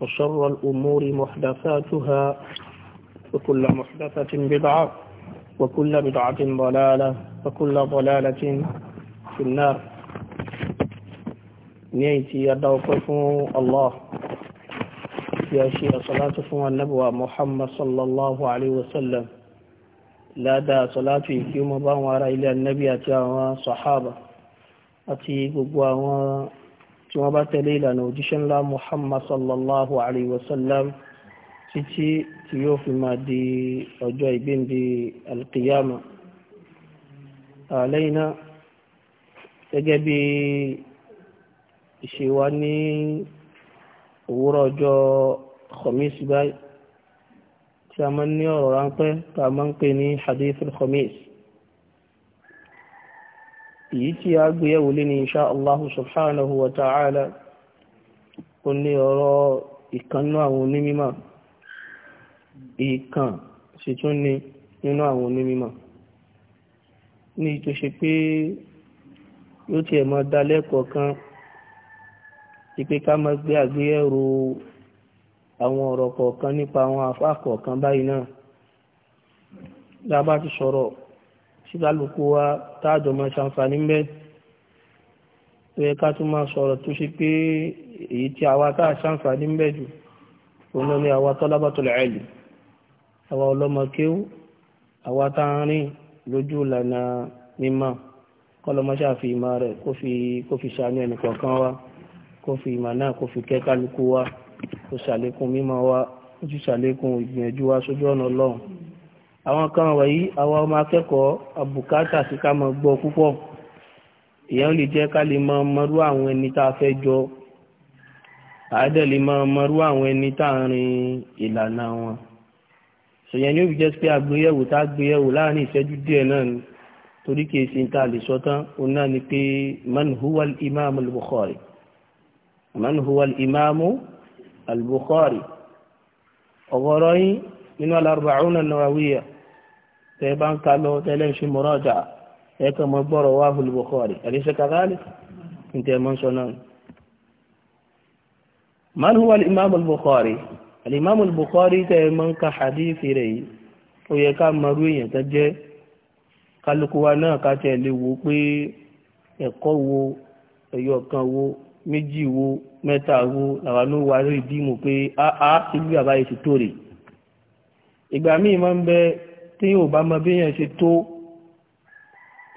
وشر الأمور محدثاتها وكل محدثة بدعة وكل بدعة ضلالة وكل ضلالة في النار نيتي يدوقف الله يا شيء صلاة فوى النبوة محمد صلى الله عليه وسلم لا دا صلاة يوم بان وراء إلى النبي أتى صحابة أتي قبوة tí wọ́n bá tẹ̀lé ìlànà òjíṣẹ́ ńlá muhammad sallallahu alayhi wa sallam títí tí yóò fi máa di ọjọ́ ìgbéǹde alkiyama lẹ́yìn náà gẹ́gẹ́ bí ìṣe wa ní òwúrọ̀ ọjọ́ khamis báyìí tí a máa ń ní ọ̀rọ̀ ráńpẹ́ tá a máa ń pè ní hadith khamis èyí tí a gbéyẹ̀wò lé ní insha Allah subhanahu wa ta'ala ó ní ọ̀rọ̀ ìkànnú àwọn onímímọ̀ ìkàn sì tún ní nínú àwọn onímímọ̀ ní tó ṣe pé yóò tiẹ̀ máa dá lẹ́kọ̀ọ́ kan ìpé ká máa gbé àgbéyẹ̀rò àwọn ọ̀rọ̀ kọ̀ọ̀kan nípa àwọn àfáà báyìí náà síkálukú wa táàjọ máa ṣàǹfààní mẹ́ tó yẹ ká tún máa sọ̀rọ̀ tó ṣe pé èyí tí àwa táà ṣàǹfààní mẹ́ jù òun ni àwa talabatul ilm àwa ọlọ́mọ kéwú àwa táàrin lójú ìlànà mímọ́ kọlọmọṣà fi ìmọ̀ rẹ̀ kó fi ṣàánú ẹnì kọ̀ọ̀kan wa kó fi ìmọ̀ náà kó fi kẹ́ kálukú wa kó ṣàlékún mímọ́ wa kó sì ṣàlékún ìgbìyànjú wa sójú ọ̀nà ọlọ́run àwọn kan wọ̀nyí àwọn ọmọ akẹ́kọ̀ọ́ àbùkátà sí ká máa gbọ́ púpọ̀ ìyẹn lè jẹ́ ká lè máa mọrú àwọn ẹni tá a fẹ́ jọ àádẹ́ lè máa mọrú àwọn ẹni tá a rin ìlànà wọn ṣèyẹn ní òbí jẹ́ pé àgbéyẹ̀wò tá a gbéyẹ̀wò láàrin ìṣẹ́jú díẹ̀ náà ni torí kìí ṣe tá lè sọ tán òun náà ni pé man huwa al-imam al-bukhari man yín nínú al-arba'una an tẹ́ bá ń ka lọ tẹ́lẹ̀ ń ṣe mọ́rọ́jà ẹ kàn mọ́ gbọ́rọ̀ wá Bukhari àdéṣe kàkálì ní tẹ́ mọ́ sọ náà. man huwa al-imam al-Bukhari al-imam al-Bukhari tẹ́ mọ́ ń ka hadithi rẹ̀ yìí ó yẹ ká mọ̀rú èèyàn tó jẹ́ kálukú wa náà ká tẹ̀ lè wo pé ẹ̀kọ́ wo ẹ̀yọ kan wo méjì wo mẹ́ta wo làwọn ló wà lórí dìímù pé áá ìlú àbáyé ti tó rè ìgbà míì máa ń bẹ tí yóò bá mọ bí yẹn ṣe tó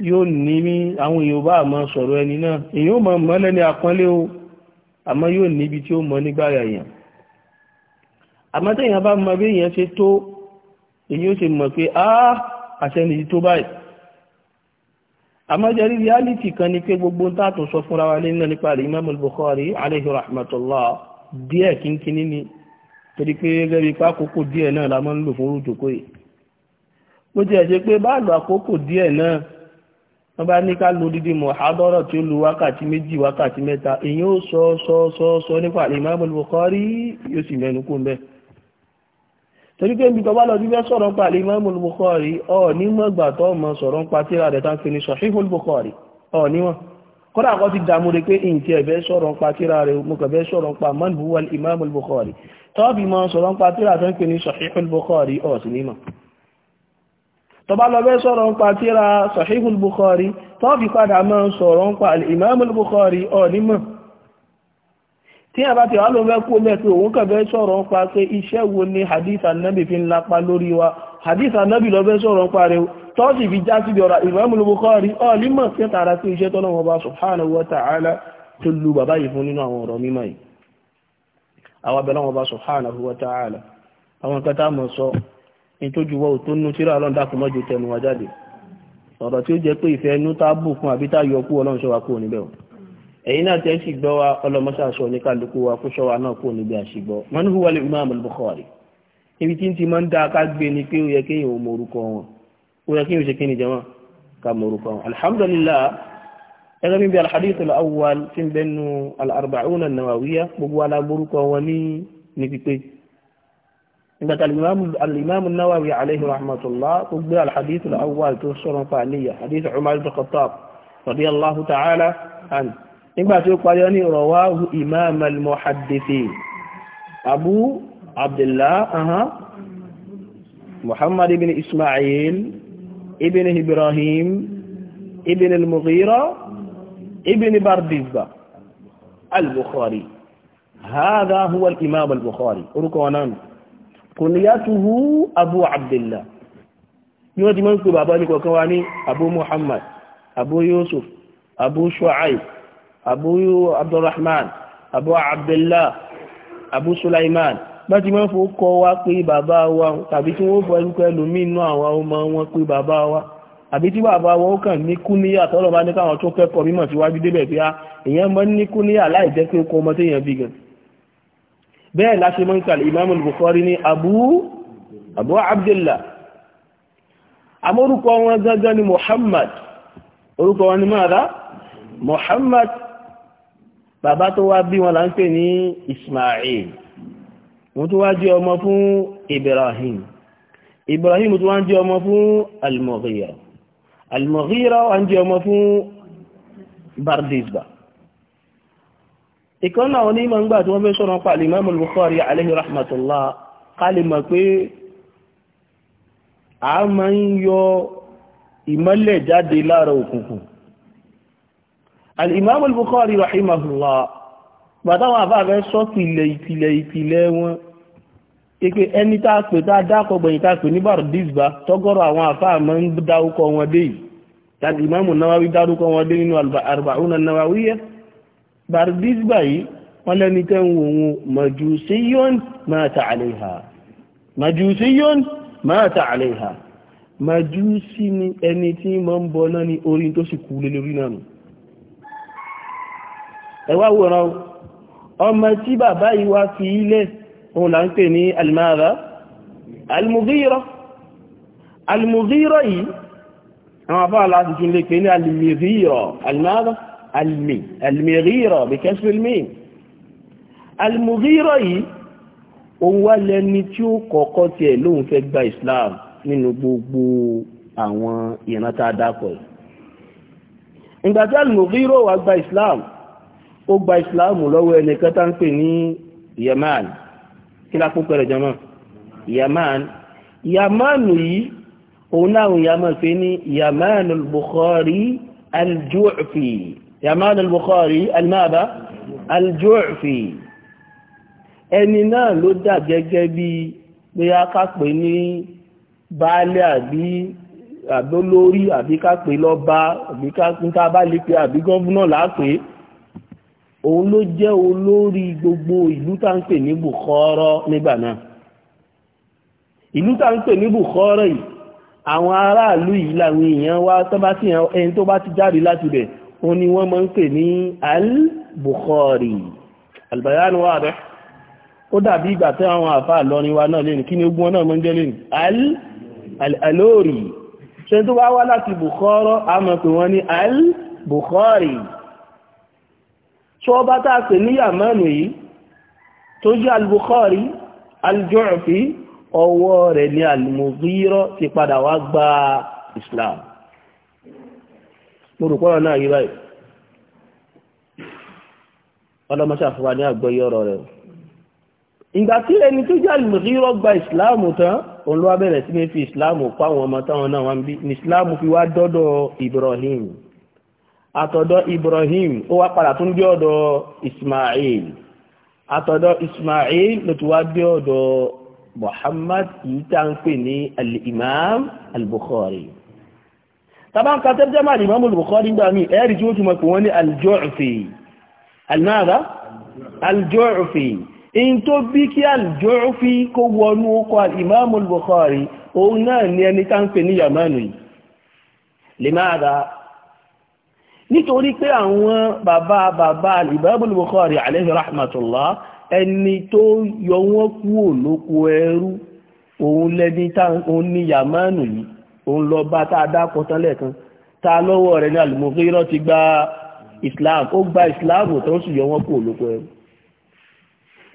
yóò ní mí àwọn èèyàn bá mọ sọ̀rọ̀ ẹni náà èèyàn mọ mọ lẹ́ni àpọ́nlé o àmọ́ yóò níbi tí ó mọ nígbà yàyàn àmọ́ téèyàn bá mọ bí yẹn ṣe tó èèyàn ó ṣe mọ̀ pé á àṣẹ nìyí tó báyìí àmọ́ jẹ́rí reality kan ni pé gbogbo ń tààtò sọ fúnra wa lẹ́nu nípa rẹ̀ Imam al-Bukhari alayhi rahmatullah díẹ̀ kínkínní ni torí pé gẹ́gẹ́ bí pákókò díẹ̀ náà la máa ń lò fún rújòkó yìí bó ti ẹ̀ ṣe pé bá lọ àkókò díẹ̀ náà wọ́n bá ní ká lo dídí mọ̀hádọ́rọ̀ tí ó lo wákàtí méjì wákàtí mẹ́ta èyí ó sọ sọ sọ sọ nípa Imam Bukhari yóò sì mẹ́nu kó bẹ́ẹ̀ torí pé ibi tọba lọ sí fẹ́ sọ̀rọ̀ pa Imam Bukhari ọ̀ nímọ̀gbà tó ọmọ sọ̀rọ̀ pa tíra rẹ̀ tán fi ní ọ̀ ní Sahihul tọba lọ́bẹ́ sọ̀rọ̀ ń pa tíra sahihul bukhari tó fi padà máa sọ̀rọ̀ ń pa al'imamul bukhari ọ̀nímọ̀ tí a bá ti wà ló mẹ́ kó mẹ́ pé òun kẹ̀bẹ́ sọ̀rọ̀ ń pa pé iṣẹ́ wo ni hadith annabi fi ń lapa lórí wa hadith annabi lọ́bẹ́ sọ̀rọ̀ ń pa rẹ̀ tó sì fi nítójú wọ́n tó nú tíra ọlọ́run dákun mọ́jú tẹnu wa jáde ọ̀rọ̀ tí ó jẹ́ pé ìfẹ́ inú tá bù fún àbí tá yọ kú ọlọ́run ṣọ́wa kú níbẹ̀ o ẹ̀yin náà tẹ́ sì gbọ́ wa ọlọ́mọṣà sọ ní kálukú wa kó ṣọ́wa náà kú níbi àṣìgbọ́ man huwa al-imam al-bukhari ibi tí ń ti máa ń dá aká gbé ni pé ó yẹ kéèyàn ó mọ wọn ó yẹ kéèyàn ó ṣe kéèyàn jẹ́ wọn ká mọ wọn alhamdulillah ẹgbẹ́ mi bí awwal ti ń bẹnu al-arba'una gbogbo aláborúkọ wọn ní ní pípé عندك الإمام الإمام النووي عليه رحمة الله طبع الحديث الأول تفسر فانية حديث عمر بن الخطاب رضي الله تعالى عنه إما تقول يعني رواه إمام المحدثين أبو عبد الله أها محمد بن إسماعيل ابن إبراهيم ابن المغيرة ابن بردزة البخاري هذا هو الإمام البخاري أركوا أنا kunyatuhu abu abdullah ni wọ́n ti mọ́ ń pè bàbá ní kọ̀ọ̀kan wa ní abu muhammad abu yusuf abu shu'aib abu abdurrahman abu abdullah abu sulaiman bá ti mọ́ fún kọ́ wá pé bàbá wa tàbí tí wọ́n fọ́ ẹlùkọ́ ẹlòmí inú àwọn ọmọ wọn pé bàbá wa àbí tí bàbá wọn ó kàn ní kúníyà tọ́lọ́ bá ní káwọn tó kẹ́kọ̀ọ́ mímọ̀ síwájú débẹ̀ bí i ah, èèyàn mọ́ ní kúníyà láì jẹ́ pé ó kọ́ ọmọ téèyàn bí gan-an bẹ́ẹ̀ láṣe mọ́ ìkàlẹ̀ imam al-bukhari ní abu abu abdullah amórúkọ wọn gangan ni muhammad orúkọ wọn ni mara muhammad bàbá tó wá bí wọn là ń pè ní ismail wọ́n tó wá jẹ́ ọmọ fún ibrahim ibrahim tó wá jẹ́ ọmọ fún al-mughira al jẹ́ ọmọ fún bardisba ìkan náà wọn ní ìmọ̀ ńgbà tí wọ́n fẹ́ sọ̀rọ̀ pàlì Imam Bukhari alayhi rahmatullah kálí mọ̀ pé a máa ń yọ ìmọ́lẹ̀ jáde lára òkùnkùn al-Imam Bukhari rahimahullah bàtàwọn àfáàfẹ́ sọ́kì ilẹ̀ ìpìlẹ̀ ìpìlẹ̀ wọn ike ẹni tá a pè tá a bardisba yìí wọ́n lẹ́ni tẹ́ ń wo ohun majusiyun mata aleha majusiyun mata aleha majusi ni ẹni tí ma ń bọ náà ní orí tó sì kú lé lórí náà nù ẹ ọmọ tí bàbá yìí wá fi ilẹ̀ òun là ń pè ní almara almughira almughira yìí àwọn afọ́ aláàtìtún lè pè ní almughira almara المي almìíràn bíkẹ́sì المي almìíràn yìí òun wá lẹni tí ó kọ́kọ́ tiẹ̀ lóun fẹ́ gba islam nínú gbogbo àwọn ìran tá a dákọ̀ yìí ìgbà tí almìíràn wá gba islam ó gba islam lọ́wọ́ ẹnìkan tá ń pè ní yaman kí lápò pẹ̀rẹ̀ jọmọ́ yaman yamanu yìí òun náà yaman pé ní yaman bukhari al yaman al-bukhari al-maba al-ju'fi ẹni náà ló dà gẹ́gẹ́ bí pé a ká pè ní baálé àbí àbólórí àbí ká pè lọ́ba àbí ká níta bá lè pe àbí gọ́vùnà lápè òun ló jẹ́ olórí gbogbo ìlú tá ń pè ní bùkọ́rọ́ nígbà náà ìlú tá ń pè ní bùkọ́rọ́ yìí àwọn aráàlú yìí làwọn èèyàn wá tó bá sí ẹni tó bá ti jáde láti bẹ̀ òun ni wọ́n máa ń pè ní al-Bukhari albayan wà rẹ̀ ó dàbí ìgbà tí àwọn àfà lọrin wa náà lẹ́nu kí ni ogun náà mọ́ ń jẹ́ lẹ́nu al-alori ṣe tó wá wá láti Bukhara a mọ̀ pé wọ́n ní al-Bukhari ṣọ́ bá pè ní yàmánu yìí tó jẹ́ al-Bukhari al-Ju'fi ọwọ́ rẹ̀ ní al-Mughira ti padà wá gba Islam mo rò pọ́nrọ̀ náà yí báyìí ọlọ́mọṣà fún wa ní àgbọ́yé ọ̀rọ̀ rẹ̀ ìgbà tí ẹni tó jẹ́ àlùmọ̀síyọ́ gba ìsìláàmù tán òun ló wá bẹ̀rẹ̀ sí ní fi ìsìláàmù pa àwọn ọmọ táwọn náà wá ń bí ní ìsìláàmù fi wá dọ́dọ̀ Ibrahim àtọ̀dọ̀ Ibrahim ó wá padà tún dé ọ̀dọ̀ Ismail àtọ̀dọ̀ Ismail ló ti wá dé ọ̀dọ̀ Muhammad yìí tá ń pè ní al-Imam tàbá ń ka tẹ́jẹ́ máa lè mọ́mù Bukhari gbà mí ẹ̀rì tí ó túnmọ̀ pé wọ́n ní aljọ́ọ̀fẹ́ almáàdá aljọ́ọ̀fẹ́ in tó bí kí aljọ́ọ̀fẹ́ kó wọnú ọkọ̀ alìmọ́mù Bukhari òun náà ní ẹni tá ń pè ní yamanu yìí lè máa dá nítorí pé àwọn bàbá bàbá alìmọ́mù Bukhari alayhi rahmatullah ẹni tó yọ wọ́n kúrò lóko ẹrú òun lẹ́ni tá ń ní yamanu yìí òun lọ bá tá a dákọ̀ tán lẹ́ẹ̀kan ta lọ́wọ́ rẹ̀ ní alìmọ̀fẹ́rọ́ ti gba islam ó gba islam tó ń sì yọ wọ́n kú olóko ẹrù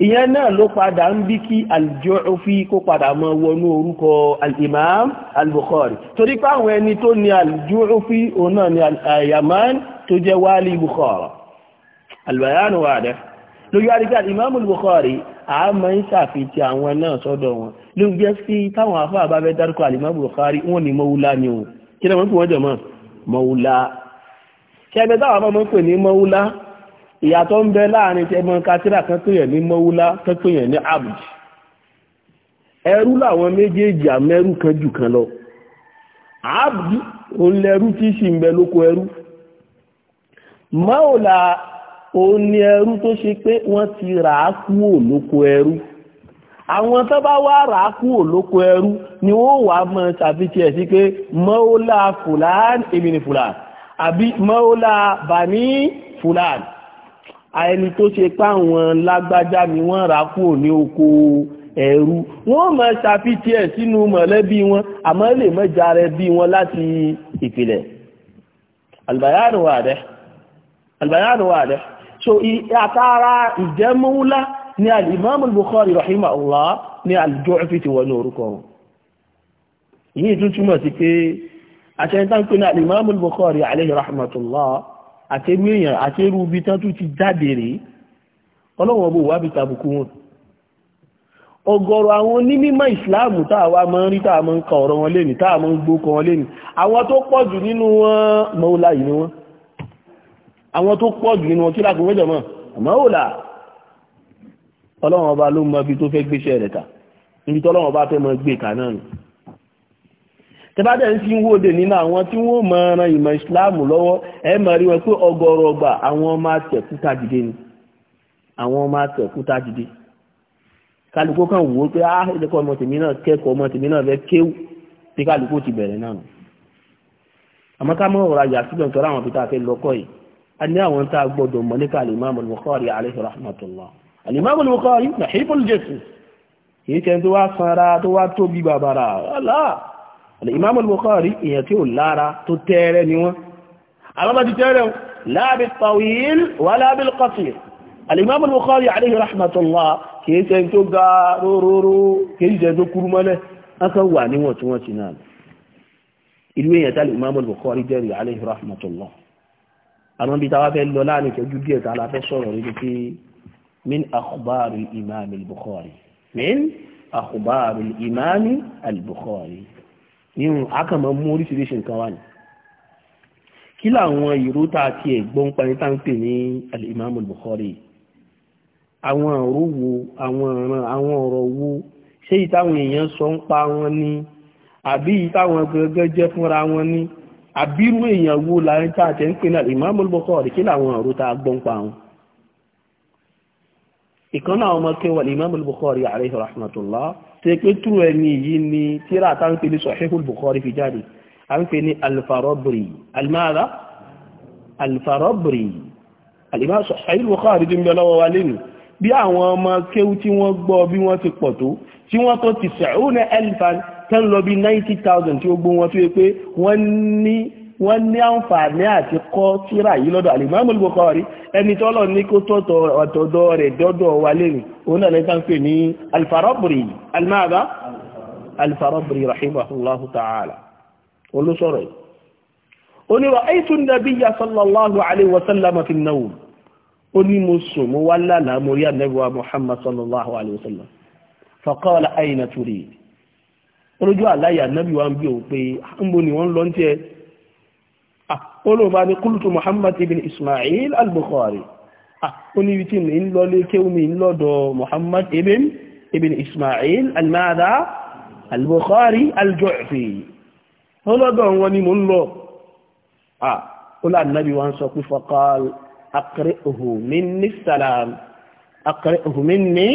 ìyẹn náà ló padà ń bí kí al-Ju'fi kó padà mọ wọnú orúkọ imam al-Bukhari torí pé àwọn ẹni tó ní al-Ju'fi òun náà ní al tó jẹ́ wálí Bukhara al wà dẹ́ lójú àdìgbà imam al-Bukhari a máa ń ṣàfihàn àwọn náà sọ́dọ̀ wọn ló ń jẹ́ sí táwọn afọ́ àbábẹ́ dárúkọ àlìmọ́bù Bukhari wọ́n ní mọ́wúlá ni o kí náà wọ́n pè wọ́n jọ mọ́ mọ́wúlá kí ẹgbẹ́ táwọn afọ́ máa ń pè ní mọ́wúlá ìyàtọ̀ ń bẹ láàrin tí ẹgbọn katira kan òun ni ẹrú tó ṣe pé wọ́n ti rà á kúrò ẹrú àwọn tó bá wá rà á kúrò ẹrú ni wọ́n wàá mọ ṣàfihàn ẹ̀ sí pé mọ́ọ́lá fúlàn èmi fulani, fúlàn àbí mọ́ọ́lá bàní fúlàn ẹni tó ṣe páwọn lágbájá mi wọ́n rà á kúrò ní oko ẹ̀rú wọ́n máa ṣàfihàn ẹ̀ sínú mọ̀lẹ́bí wọn àmọ́ lè mọ́jà rẹ̀ bí wọn láti ìpìlẹ̀ albayanu wà dẹ́ albayanu wà dẹ́ so àtàrà ìjẹ́múlá ni alìmọ́mù Bukhari rahimahullah ni al-Ju'fi ti wọnú orúkọ wọn yìí tún túnmọ̀ sí pé àṣẹ́ntán pé ní alìmọ́mù Bukhari alayhi rahmatullah àtẹ́rú èèyàn àtẹ́rú bí tán tún ti jáde rí ọlọ́wọ́n bó wá bí tàbùkú wọn ọ̀gọ̀rọ̀ àwọn onímọ̀ ìsìláàmù táàwà mọ́ rí táà mọ́ ń ka ọ̀rọ̀ wọn lẹ́ni táà ń gbókọ wọn lẹ́ni àwọn tó pọ̀jù nínú wọn mọ́ọ́lá yìí àwọn tó pọ̀ jù nínú wọn kí lákùn méjọ mọ́ àmọ́ ò là ọlọ́run ọba ló mọ ibi tó fẹ́ gbéṣẹ́ rẹ̀ ta níbi tó ọlọ́run ọba fẹ́ mọ gbé ka náà nù tẹ́bàdẹ̀ ń fi ń wòde nínú àwọn tí wọ́n mọ ran ìmọ̀ ìsìláàmù lọ́wọ́ ẹ mọ̀ rí wọn pé ọgọ́rọ̀ ọgbà àwọn ọmọ àtẹ̀kúta dìde ni àwọn ọmọ àtẹ̀kúta dìde kálukó kan wò ó pé á ẹ̀dẹ́kọ̀ ọmọ tèmi náà kẹ́kọ̀ọ́ ọmọ tèmi náà fẹ́ kéwù pé kálukó ti bẹ̀rẹ̀ náà àmọ́ ká mọ̀ ọ̀rọ̀ àyà síbẹ̀ nítorí àwọn òbí tá a fẹ́ lọ́kọ̀ yìí أني أنت أقبض منك الإمام البخاري عليه رحمة الله الإمام البخاري نحيف الجسم يتعد وصرا وطبي بابرا لا الإمام المخاري يتعد لارا تتعلم على ما تتعلم لا بالطويل ولا بالقصير الإمام المخاري عليه رحمة الله كيتن تو غارورورو كيتن كورماله اكو واني وتو تشنال ايلوين يا تال امام البخاري جاري عليه رحمه الله àwọn ibi táwa fẹ́ lọ láàrin ìtọ́jú díẹ̀ tá a la fẹ́ sọ̀rọ̀ rí ni pé min akhbari imam al-bukhari min akhbari imam al-bukhari nínú akàmọ́ mú oríṣiríṣi nǹkan wá ní kí làwọn ìró tá a tiẹ̀ gbọ́n parí tá ń ní al-imam àwọn ọ̀rọ̀ wo àwọn ọ̀ràn àwọn ọ̀rọ̀ wo ṣé ìtàwọn èèyàn sọ ń pa wọn ní àbí ìtàwọn gẹ́gẹ́ jẹ́ fúnra wọn ní àbírú èèyàn wo láàrin tá àtẹ́ ń pè náà Imam al-Bukhari kí làwọn ọ̀rọ̀ tá a gbọ́n pa wọn ìkan náà ọmọ kẹwàá Imam al-Bukhari alayhi rahmatullah tó yẹ pé túrò ẹni yìí ni tíra tá ń pè ní Sahihul Bukhari fi jáde à ń pè ní al-Farabri al-mada al-Farabri al tán lọ bí ninety thousand tí ó gbó wọn tó yẹ pé wọ́n ní wọ́n ní àǹfààní àti kọ́ tíra yìí lọ́dọ̀ Al-Imam Al-Bukhari ẹni tọ́lọ̀ ní kó tọ́tọ̀ ọ̀tọ̀dọ̀ rẹ̀ dọ́dọ̀ wa lẹ́nu òun náà lẹ́ta ń pè ní Al-Farabri almaada Al-Farabri rahimahullahu ta'ala olùsọ̀rọ̀ yìí ó olójú àláyà nábì wa ń bí òun pé ah, ńbo ni wọ́n lọ ń tiẹ̀ olóhùn ah, bá ní kúlùtù muhammad ibn ismail al-bukhari ah, ó ní wítí mi ń lọ lé kéwù mi ń lọ́dọ̀ muhammad ibn ibn ismail al-mada al-bukhari al-ju'fi ọlọ́dọ̀ wọn ni mo ń lọ ọlá nábì wa ń sọ pé faqal aqri'uhu minni salam aqri'uhu minni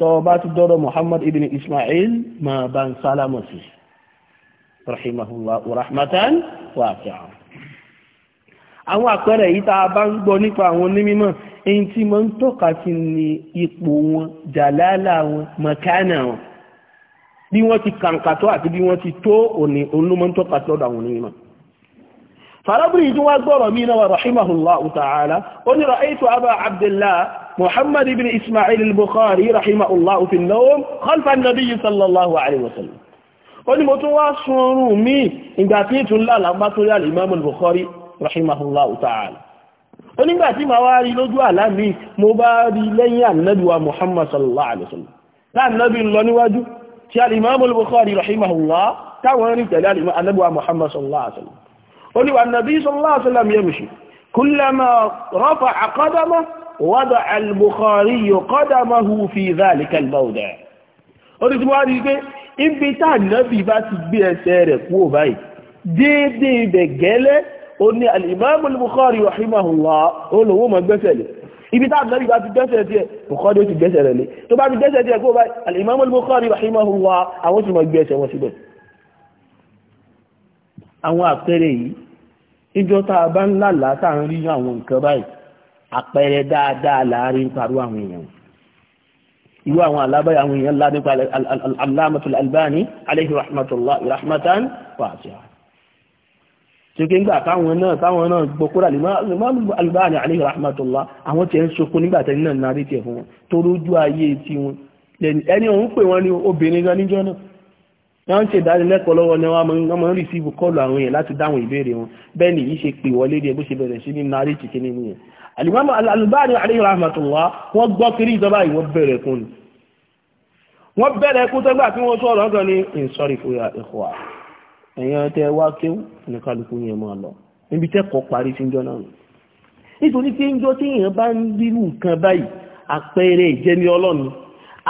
tó bá ti dọ́rọ̀ muhammad ibn ismail ma bá ń sálámọ̀ sí rahimahullah rahmatan wasi'a àwọn àpẹẹrẹ yìí tá a bá ń gbọ́ nípa àwọn onímọ̀ èyí tí mo ń tọ́ka sí ni ipò wọn jàlálà wọn mọ̀kánà wọn bí wọ́n ti kàǹkà tó àti bí wọ́n ti tó òní olómọ́ntọ́ka sí ọ̀dọ̀ àwọn onímọ̀ farabiri tí wọ́n gbọ́rọ̀ mí náà rahimahullah ta'ala ó ní ra'aytu محمد بن إسماعيل البخاري رحمه الله في النوم خلف النبي صلى الله عليه وسلم ó ní mo tún wá sunrun mi ìgbà tí tún lálàá bá tó rí al-imam al-bukhari rahimahullahu ta'ala ó nígbà tí ma wá rí lójú àlá mi mo bá rí lẹ́yìn annabi wa muhammad sallallahu alaihi wasallam ta annabi lọ níwájú tí al-imam al-bukhari rahimahullah ta wọ́n rí tẹ̀lé annabi wa muhammad sallallahu alaihi wasallam ó ní wa annabi sallallahu alaihi wasallam yamshi kullama rafa'a qadamahu وضع البخاري قدمه في ذلك الموضع orí tí wọ́n rí pé ibi tá nàbí bá ti gbé ẹsẹ̀ rẹ̀ kúrò báyìí déédéé ibẹ̀ gẹ́lẹ́ ó ní al-Imam al-Bukhari rahimahullah olówó mọ̀ gbẹ́sẹ̀ lé ibi tá nàbí bá ti gbẹ́sẹ̀ tiẹ̀ Bukhari ó ti gbẹ́sẹ̀ rẹ̀ lé tó bá ti gbẹ́sẹ̀ tiẹ̀ kúrò báyìí al-Imam al-Bukhari àwọn ti mọ̀ gbẹ́sẹ̀ wọn síbẹ̀ àwọn àpẹẹrẹ yìí ìjọ tá a bá ń lálàá tá à ń rí àwọn nǹkan báyìí àpẹẹrẹ dáadáa láàrin parú àwọn èèyàn irú àwọn alábáyà àwọn èèyàn lábẹ́pà alámàtul albani alayhi rahmatullahi rahmatan wasi'a tí ó kí ń gbà káwọn náà táwọn náà gbọ́kúrà alimọ́lù albani alayhi rahmatullah àwọn tí ẹ ń sokó nígbàtẹ́ nínú náà rí tiẹ̀ fún wọn tó ayé tí wọn ẹni òun pè wọn ní obìnrin gan níjọ́ náà wọ́n ń ṣe ìdánilẹ́kọ̀ọ́ lọ́wọ́ ni wọ́n máa ń rìsíìfù kọ́ọ̀lù àwọn èèyàn láti dáhùn ìbéèrè wọn bẹ́ẹ̀ ni yìí ṣe pè wọlé ní ẹgbẹ́ ṣe bẹ̀rẹ̀ sí ní nàárẹ̀ tìkí nínú yẹn alimami alubani alayhi rahmatullah wọ́n gbọ́ kiri ìjọba yìí wọ́n bẹ̀rẹ̀ kún ni wọ́n bẹ̀rẹ̀ kún tẹ́gbà tí wọ́n sọ̀rọ̀ ọ̀gán ni in sorry for your ikhwa ẹ̀yàn tẹ wá kéw ní kálukú yẹn máa lọ níbi tẹ́kọ̀ọ́ parí sí njọ́ náà nítorí pé njọ́ tí èèyàn bá ń rírù nǹkan báyìí àpẹẹrẹ ìjẹni ọlọ́run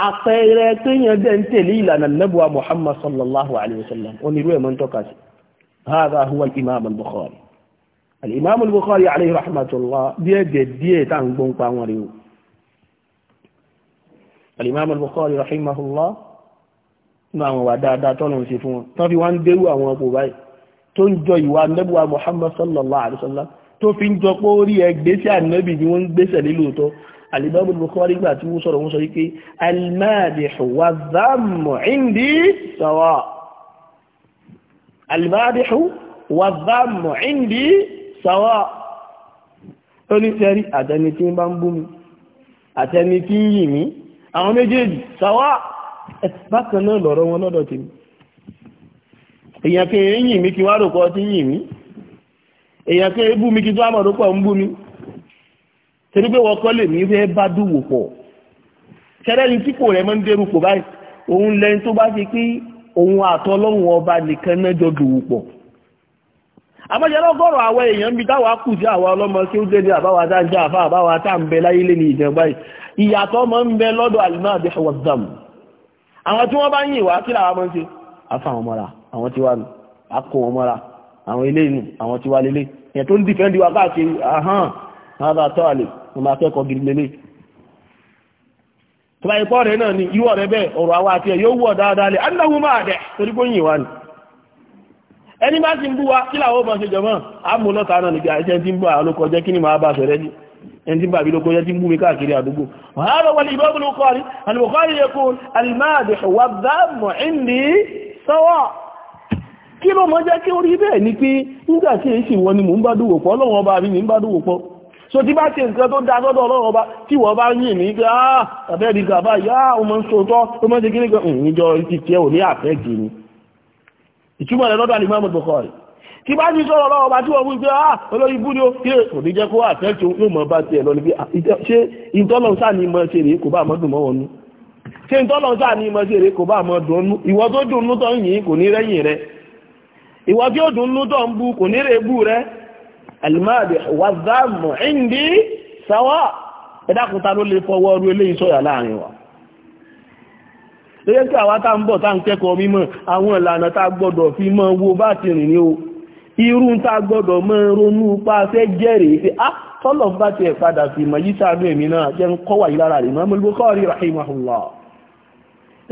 àpẹẹrẹ pé yẹn dẹ̀ ń tẹ̀lé ìlànà nẹ́bùwà muhammad sallallahu alayhi wa sallam onírú ẹ̀ máa ń tọ́ka sí هذا هو الإمام البخاري الإمام البخاري عليه رحمة الله díẹ̀ díẹ̀ tá à ń gbọ́ nípa wọn rèé الإمام البخاري رحمه الله nínú àwọn wà dáadáa tọ́nà ń ṣe fún wọn tán fi ń dérú àwọn ọkọ̀ báyìí tó ń jọ ìwà nẹ́bùwà muhammad sallallahu alayhi wa sallam tó fi ń jọ pé ó rí ẹgbẹ́ sí ànẹ́bì ni wọ́n ń gbéṣẹ̀ lílòótọ́ alimami Bukhari gbà tí wọ́n sọ̀rọ̀ wọ́n sọ wípé almadihu wa dhammu indi sawa almadihu wa dhammu indi sawa ó ní tẹ́rí àtẹni tí ń bá ń bú mi àtẹni tí ń yìn mí sawa bákan náà lọ̀rọ̀ wọn lọ́dọ̀ tèmi èèyàn kí ń yìn mí kí wá rò kọ́ tí yìn mi kí tó àmọ̀ rò pọ̀ mi torí pé wọ́n kọ́ lè mí fẹ́ bá dùwò pọ̀ ṣẹlẹ́ni tí kò rẹ̀ mọ́ ń dérú pò báyìí òun lẹ́ni tó bá fi pín òun àtọlọ́run ọba nìkan náà jọ dùwò pọ̀ àmọ́jẹ́rọ́ gọ́rọ̀ àwọn èèyàn bí táwà kù sí àwọn ọlọ́mọ kí ó dédé àbáwà tá ń jẹ́ àfá àbáwà tá ń bẹ láyé lé ní ìjọba ìyàtọ̀ mọ́ ń bẹ lọ́dọ̀ àlùmọ́ àbí ṣọwọ́sàmù àwọn tí wọ́n bá yìn wá kí làwọn mọ́ ṣe afá wọn mọ́ra àwọn tí wà nù akọ wọn mọ́ra àwọn ilé inú àwọn tí wà lélẹ̀ yẹn tó ń dìfẹ́ndì wá káàkiri ahán ọmọ akẹ́kọ̀ọ́ gidi lélẹ̀ tó bá ipọ́ rẹ̀ náà ni irú ọ̀rẹ́ bẹ́ẹ̀ ọ̀rọ̀ àwọn àti ẹ̀ yóò wọ̀ dáadáa lẹ̀ anáwó máa dẹ̀ torí kó yìn wá ni ẹni bá ti ń bú wa kí làwọn ọmọ ṣe jọmọ́ àmúlọ́ta náà níbi àìṣẹ́ tí ń bú àwọn olókọjẹ́ kí ni máa bá ṣẹ̀rẹ́ ní ẹni tí ń bá bí lókọjẹ́ tí ń bú káàkiri àdúgbò wàhálà wọlé ìbọ́bùn so tí bá ṣe nǹkan tó da sọ́dọ̀ ọlọ́run ọba tí wọ́n bá yìn ní pé ah àbẹ́ rí gàbá yá o ń sòótọ́ o máa ń kí nìkan níjọ ti tiẹ̀ ò ní àfẹ́ ni ìtumọ̀ rẹ̀ lọ́dọ̀ àlìmọ́ àmọ̀tòkọ́ rẹ̀ tí bá ti sọ̀rọ̀ ọlọ́run ọba tí wọ́n mú pé ah olórí ibú ni ó kí kò ní jẹ́ kó ah, àfẹ́ ìwọ tí ó dùn nú ń bu kò ní rè bú rẹ المادح والذم عندي سواء ẹ̀dàkùn ta ló lè fọwọ́ ọrú eléyìí sọ́yà láàrin wa lẹ́yẹ́ tí àwa tá ń bọ̀ tá ń kẹ́kọ̀ọ́ mímọ̀ àwọn ìlànà tá gbọ́dọ̀ fi mọ́ wo bá ti rìn ní o irú tá gbọ́dọ̀ mọ́ ronú pa fẹ́ jẹ́rìí pé á ah, tọ́lọ̀ bá ti ẹ̀ padà fi mọ̀ yí sáà mẹ́mí náà jẹ́ ń kọ́wà yí lára rẹ̀ Imam Bukhari rahimahullah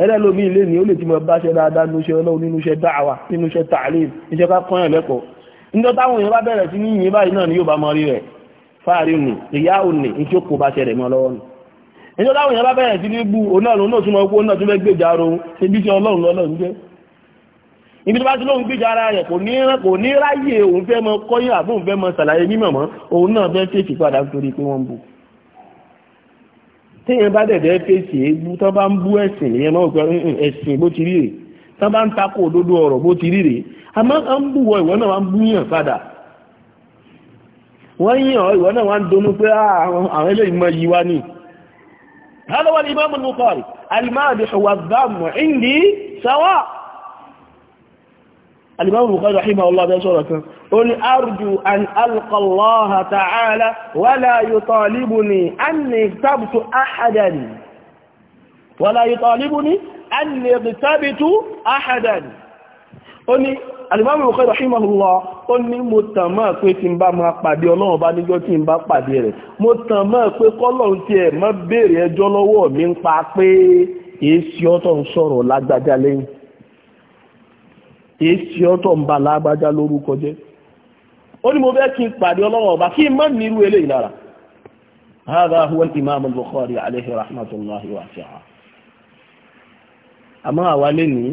ẹ̀rẹ́ lómi ilé ni ó lè ti mọ̀ bá ṣe dáadáa nínú iṣẹ́ ọlọ́run nínú iṣẹ́ dáàwà nínú iṣẹ́ tààlìm iṣẹ́ kọ́yàn lẹ́kọ̀ọ́ níjọ́ táwọn èèyàn bá bẹ̀rẹ̀ sí ní yìnyín báyìí ni yóò bá mọ rí rẹ̀ fáàrí nì ìyá ò nì ní tí ó kó bá ṣẹlẹ̀ mọ́ lọ́wọ́ nù níjọ́ táwọn èèyàn bá bẹ̀rẹ̀ sí ní bú oná lòun náà túnmọ̀ owó náà tún fẹ́ gbèjà ro ṣe bí ṣe ọlọ́run lọ́lọ́run jẹ́ ibi tó bá ti lóun gbèjà dẹ̀dẹ̀ fèsì èébú tó bá ń bú ẹ̀sìn ìyẹn mọ́ òpin ẹ̀sìn bó ti rí rèé tán bá ń takò òdodo ọ̀rọ̀ bó ti rí rèé a máa ń búwọ ìwọ náà ń búyàn padà wọ́n yíyàn ìwọ náà wá ń donú pé ah, àwọn ilé ìmọ̀ yìí wá ní hálọ́wọ́ ni imáàmù Bukhari alimáàdì ṣọwàbáàmù ìndí sáwà alimáàmù Bukhari ní ẹni ìrìtàbìtú ahadan ó ní alìmọ́mù ìwòkọ́ ìrọ̀ṣímọ̀lọ́ ó ní mo tàn mọ́ pé tí n bá máa pàdé ọlọ́run bá níjọ́ tí n bá pàdé rẹ̀ mo tàn mọ́ pé kọ́lọ̀run ti ẹ̀ mọ́ ẹjọ́ lọ́wọ́ mi ń pa pé èsì ọ̀tọ̀ ń sọ̀rọ̀ lágbájá lẹ́yìn èsì ọ̀tọ̀ ń ba lágbájá lórúkọ jẹ́ ó ní mo fẹ́ kí n pàdé ọlọ́run ọba kí n má nírú eléyìí lára هذا هو الإمام البخاري عليه àmọ́ àwa lè ní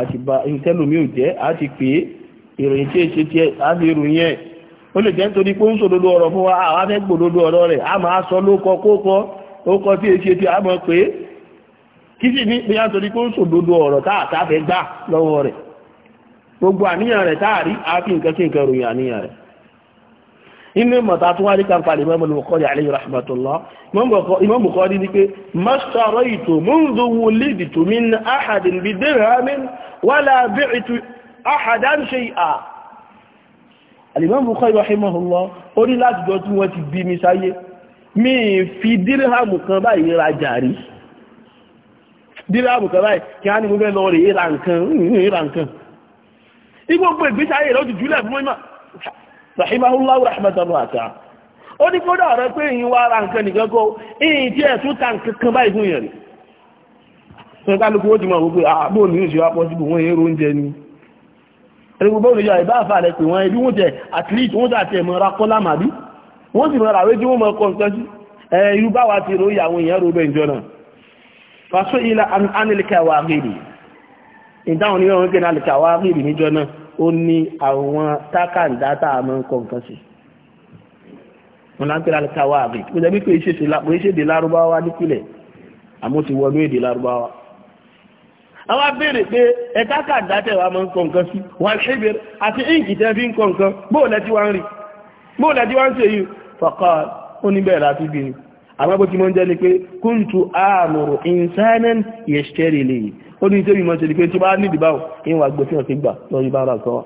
àti bá ìtẹ́lómi ò jẹ́ a ti ìròyìn tí èṣe tí a fi ẹ̀ ó lè jẹ́ nítorí pé ó wa ọ̀rọ̀ rẹ̀ a máa sọ lóko kókọ ó kọ tí èṣe tí a mọ̀ pé kí sì ní pé a pé ó ń ọ̀rọ̀ fẹ́ gbà lọ́wọ́ rẹ̀ gbogbo àníyàn rẹ̀ a fi nǹkan sí nǹkan ròyìn àníyàn inú ìmọ̀ta tó wá ní kàǹfààní Imam Bukhari alayhi rahmatullah Imam Bukhari ní pé mastaraitu mundu wuliditu min ahadin bi dirhamin wala bi'tu ahadan shay'a Imam Bukhari rahimahullah ó ní láti jọ tí wọ́n ti bí mi sáyé mi fi dírhàmù kan báyìí ra jàrí dírhàmù kan báyìí kí ìgbésáyé lọ́jù jùlẹ̀ fún mọ́ rahimahullahu rahmatan wasi'a ó ní kódà rẹ pé èyí wá ara nǹkan nìkan kó èyí tí ẹ̀sùn ta nǹkan kan báyìí fún yẹn fún kálukú ó ti mọ̀ wípé àbò ní ìṣe wá wọ́n oúnjẹ ni ẹgbẹ́ ìbá àfà pé wọ́n ẹbí wọ́n tẹ wọ́n kọ́lá màbí wọ́n sì mọ́ kọ́ nǹkan sí bá wa ti ro ìyàwó ro bẹ́ẹ̀ fàṣọ ìlà rèé ìdáhùn ni wọ́n ń ó ní àwọn tákàndá tá a máa ń kọ nǹkan sí wọn láti ra káwá àbí kò jẹ́ pípé ìṣèdè lárúbáwá nípìnlẹ̀ àmọ́ ti wọnú èdè lárúbáwá àwọn abéèrè pé ẹ̀ka kàdá tẹ̀ wá máa ń kọ nǹkan sí wà ń ṣébèrè àti íǹkì tẹ́ fi ń kọ nǹkan bóò lẹ́tí wá ń rí bóò lẹ́tí wá ń ṣe yìí fọ̀kọ́ ó ní bẹ̀rẹ̀ àti gbìyànjú àwọn abó ti mọ́ ń jẹ́ ni pé kúntù àmùrù insanan yẹ̀ṣẹ́rì lè yìí ó ní tẹ́bí mọ́ ṣe tí bá ní ìdìbáwò kí wà gbé fíhàn sí gbà lọ́rí bá ara sọ wá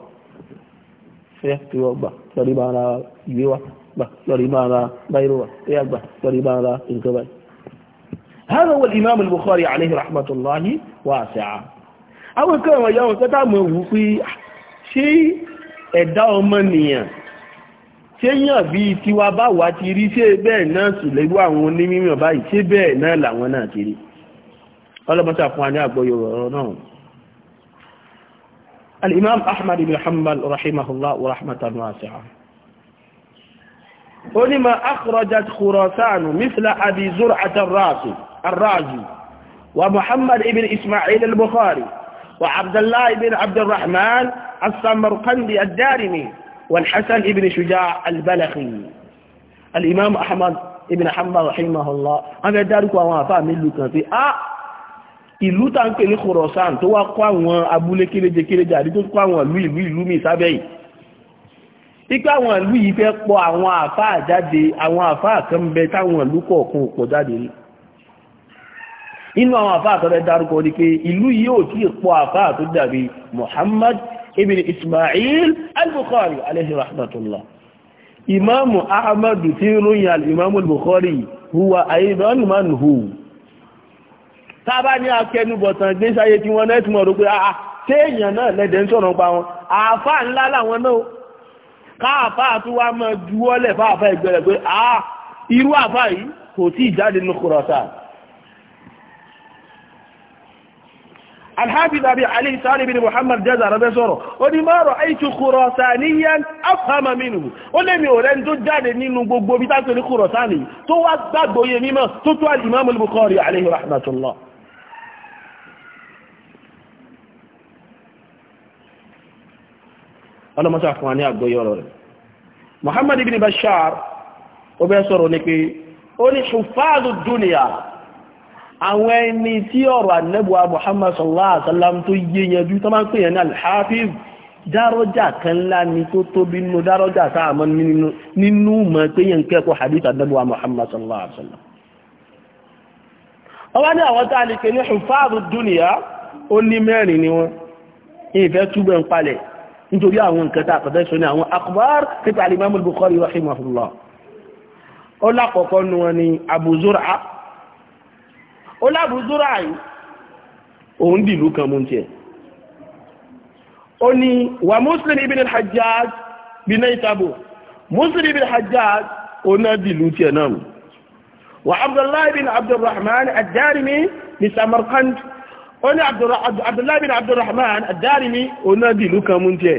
ṣe tí wọ́n gbà lọ́rí bá ara ìwé wa gbà lọ́rí bá ara báyìí wa ṣe àgbà lọ́rí bá ara nǹkan báyìí. هذا هو الإمام البخاري عليه رحمة الله واسعة àwọn kan wọ̀nyá wọn kẹta mọ̀ wù pé ah, ṣé ẹ̀dá ọmọnìyàn ṣé yàn bí tiwa báwa ti rí ṣé bẹ́ẹ̀ náà sì ọlọ́mọta fún wa ní àgbọ́yọ̀ ọ̀rọ̀ náà al-imam ahmad ibn hanbal rahimahullah wa rahmatan wasi'a ó ní ma akhrajat khurasan mithla abi zur'at ar-razi ar wa muhammad ibn isma'il al-bukhari وعبد الله بن عبد الرحمن السمرقندي الدارمي والحسن بن شجاع البلخي الإمام أحمد بن حنبل رحمه الله أنا دارك وما فاهم اللي كان في آه ìlú tá ń pè ní Khorasan tó wá kó àwọn abúlé kéréje kéréje àti tó kó àwọn ìlú ìlú ìlú mi sábẹ́ yìí ipe àwọn ìlú yìí fẹ́ pọ àwọn àfáà jáde àwọn àfáà kan bẹ táwọn ìlú kọ̀ọ̀kan pọ̀ jáde rí inú àwọn àfáà tó dárúkọ ní pé ìlú yìí ò tí pọ àfáà tó dàbí Muhammad ibn Ismail al-Bukhari alayhi rahmatullah imamu Ahmad tí ń ròyìn al-imamu al-Bukhari huwa aidan man huwa tábà ní akẹnubọ̀tàn gbé sáyé tí wọ́n náà ti mọ̀ rò pé àà ah, tí ah, èèyàn náà lẹ́dẹ̀ ń sọ̀rọ̀ pa wọn àáfà ńlá làwọn náà káàfà tó wá mọ́ juwọ́lẹ̀ fáàfà ìgbẹ̀rẹ̀ pé àà ah, irú àfà yìí kò tí ìjáde ní kùrọ̀sà alhafiz abi ali sari bin muhammad jaza rabe sọ̀rọ̀ ó ní ọlọ́mọ́sá fún wa ní àgbóyé ọ̀rọ̀ rẹ̀ Muhammad ibn Bashar ó bẹ́ sọ̀rọ̀ ní pé ó ní ṣùfáàdù dúnìyà àwọn ẹni tí ọ̀rọ̀ annabuwa Muhammad sallallahu alaihi wasallam tó yé yanjú tó máa ń pè yẹn ní al-hafiz dárọ́jà kan ńlá ni tó tóbi nínú dárọ́jà sáàmọ́ nínú mọ̀ pé yẹn kẹ́kọ̀ọ́ hadith annabuwa Muhammad sallallahu alaihi wasallam nítorí àwọn nǹkan tá àkọ́dẹ́ sọ ní àwọn akbar títà alimami bukhari rahimahullah ó lákọ̀ọ́kọ́ nu wọn ni Abu Zur'a ó lábu Zur'a yìí òun dìlú kan mú tiẹ̀ ó ní wà Muslim ibn al-Hajjaj bin Naysabur Muslim ibn al-Hajjaj ó náà dìlú tiẹ̀ náà wà Abdullahi ibn Abdurrahman ó ní abdullahi bin abdurrahman ad-darimi onábì ìlú kan mú jẹ́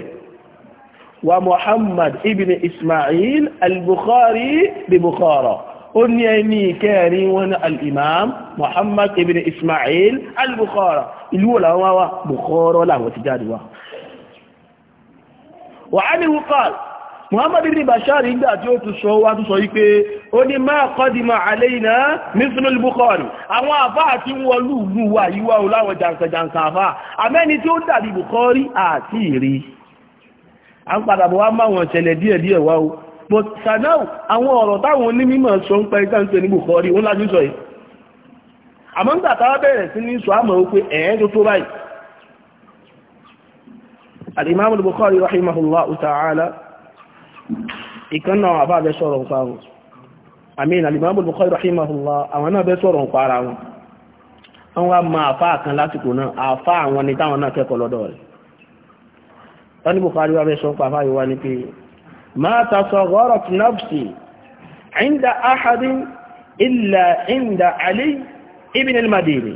wa muhammad ibn ismail al-bukhari bi bukhara ó ní ẹni kẹrin wọn al-imam muhammad ibn ismail al-bukhara ìlú wọ́n làwọn wá bukhara láwọn ti jáde wá wà á ní muhammad ibn bashar ìgbà tí ó tún sọ wá tún sọ wípé ó ní máa kọ́dìmọ̀ àlẹ́yìnà mísùlùmí bukhari àwọn àfá àti wọlú ìlú wa yíwá oláwọ̀ jàǹsàjàǹsà àfá àmẹ́ni tí ó dàbí bukhari àti ìrí a ń padà bọ̀ wá máwọn ṣẹlẹ̀ díẹ̀díẹ̀ wá o but sanau àwọn ọ̀rọ̀ táwọn onímọ̀ sọ ń pẹ́ ìtàǹsẹ̀ ní al-imam al-bukhari rahimahullah ta'ala ìkan náà àbá abẹ́ sọ̀rọ̀ nípa wọn àmín alimami Bukhari rahimahullah àwọn náà bẹ́ sọ̀rọ̀ nípa ara wọn wọ́n wá ma àfá kan lásìkò náà àfá àwọn ni táwọn náà kẹ́kọ̀ọ́ lọ́dọ̀ rẹ̀ wọ́n ní Bukhari wá bẹ́ sọ nípa àfáyé wá ní pé ma tasagharat nafsi inda ahadin illa inda Ali ibn al-Madini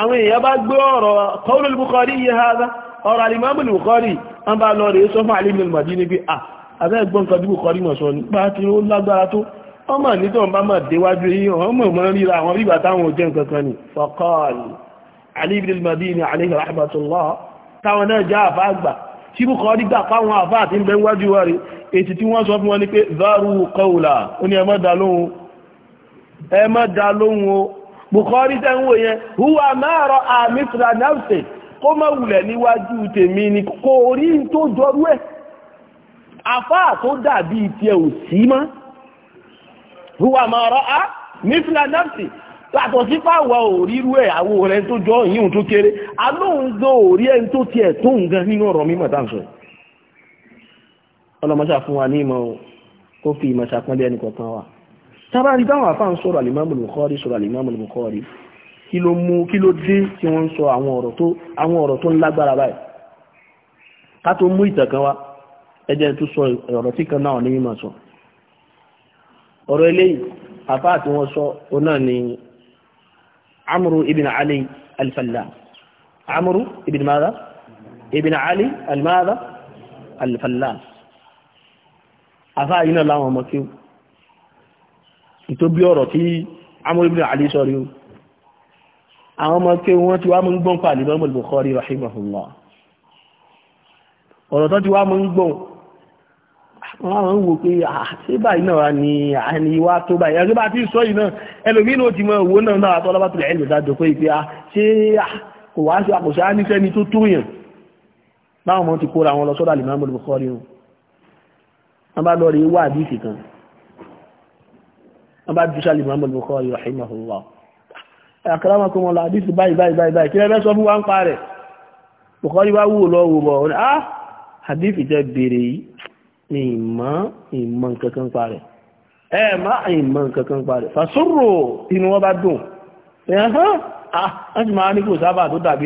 àwọn èèyàn bá gbé ọ̀rọ̀ qaulul Bukhari yìí haza ọ̀rọ̀ alimamul Bukhari an bá lọ rẹ̀ sọ fún alimul Madini bí a ah, abẹ́ gbọ́n kan dúkù Bukhari mọ̀ sọ nípa tí ó lágbára tó ọmọ nítọ̀ bá mọ̀ déwájú yìí ọmọ mọ̀ ríra àwọn bíbà táwọn òjẹ́ nǹkankan ni faqal Ali ibn al-Madini alayhi rahmatullah táwọn Bukhari tẹ́ ń wò yẹn huwa mẹ́rọ àmìtìrà náfẹ́ kó mọ́ wulẹ̀ níwájú tèmi ni kò rí tó jọrú ẹ̀ afáà tó dàbí tiẹ̀ ò sí mọ́ huwa mẹ́rọ àmìtìrà náfẹ́ látọ̀ sí fáwọ̀ òrírú ẹ̀ àwọ̀ rẹ̀ tó jọ ìyíhun tó kéré alóhun gbọ́ òrí ẹni tó tiẹ̀ tó nǹkan nínú ọ̀rọ̀ mímọ̀ dáńsọ̀ ọlọ́mọṣà fún wa ní ìmọ̀ kó fi ìmọ̀ ṣàpọ́nlé ẹnì kọ̀ọ̀kan wa tábà rí táwọn àfáà ń sọ̀rọ̀ alimami Bukhari sọ̀rọ̀ alimami Bukhari kí ló mú kí ló dé tí wọ́n ń sọ àwọn ọ̀rọ̀ tó àwọn ọ̀rọ̀ tó ń lágbára báyìí ká tó mú ìtàn kan wá ẹjẹ́ tó sọ ọ̀rọ̀ tí kan náà ní mímọ̀ sọ ọ̀rọ̀ eléyìí àfáà tí wọ́n sọ ọ náà ni Amru ibn Ali al-Fallah ibn mada ibn Ali al-mada al yìí náà láwọn ọmọ kéwù ìtò bí ọ̀rọ̀ tí Amr ibn Ali sọ rí o àwọn ọmọ kí wọ́n ti wá mú ń gbọ́n pa àlè lọ́mọ Bukhari rahimahullah ọ̀rọ̀ tó ti wá mú ń gbọ́n wọ́n àwọn ń wò pé ṣé báyìí náà ni àní wá tó báyìí ẹgbẹ́ bá ti sọ yìí náà ẹlòmíín náà ti mọ òwò náà náà àtọ́lá bá tilẹ̀ ẹ̀lò dájọ́ pé ìpé ṣé kò wá sí àkòṣe á nífẹ̀ẹ́ ni tó tó yàn báwọn ọmọ ti kóra wọn lọ sọ́dọ̀ àlè lọ́mọ Bukhari wọn bá lọ rí wá àdìsí kan wọ́n bá dúṣà lè Muhammad Bukhari rahimahullah àkàràmà kọmọ làdísì báyìí báyìí báyìí báyìí kí lẹ́bẹ́ sọ fún wa ń pa rẹ̀ Bukhari wá wò lọ wò bọ̀ ọ̀nà ah hadith jẹ́ bèrè yìí ní ìmọ̀ ìmọ̀ nkankan pa rẹ̀ ẹ má ìmọ̀ nkankan pa rẹ̀ fàṣọrò inú wọn bá dùn ẹ̀hán ah wọ́n ti máa ní kò sábà tó dàbí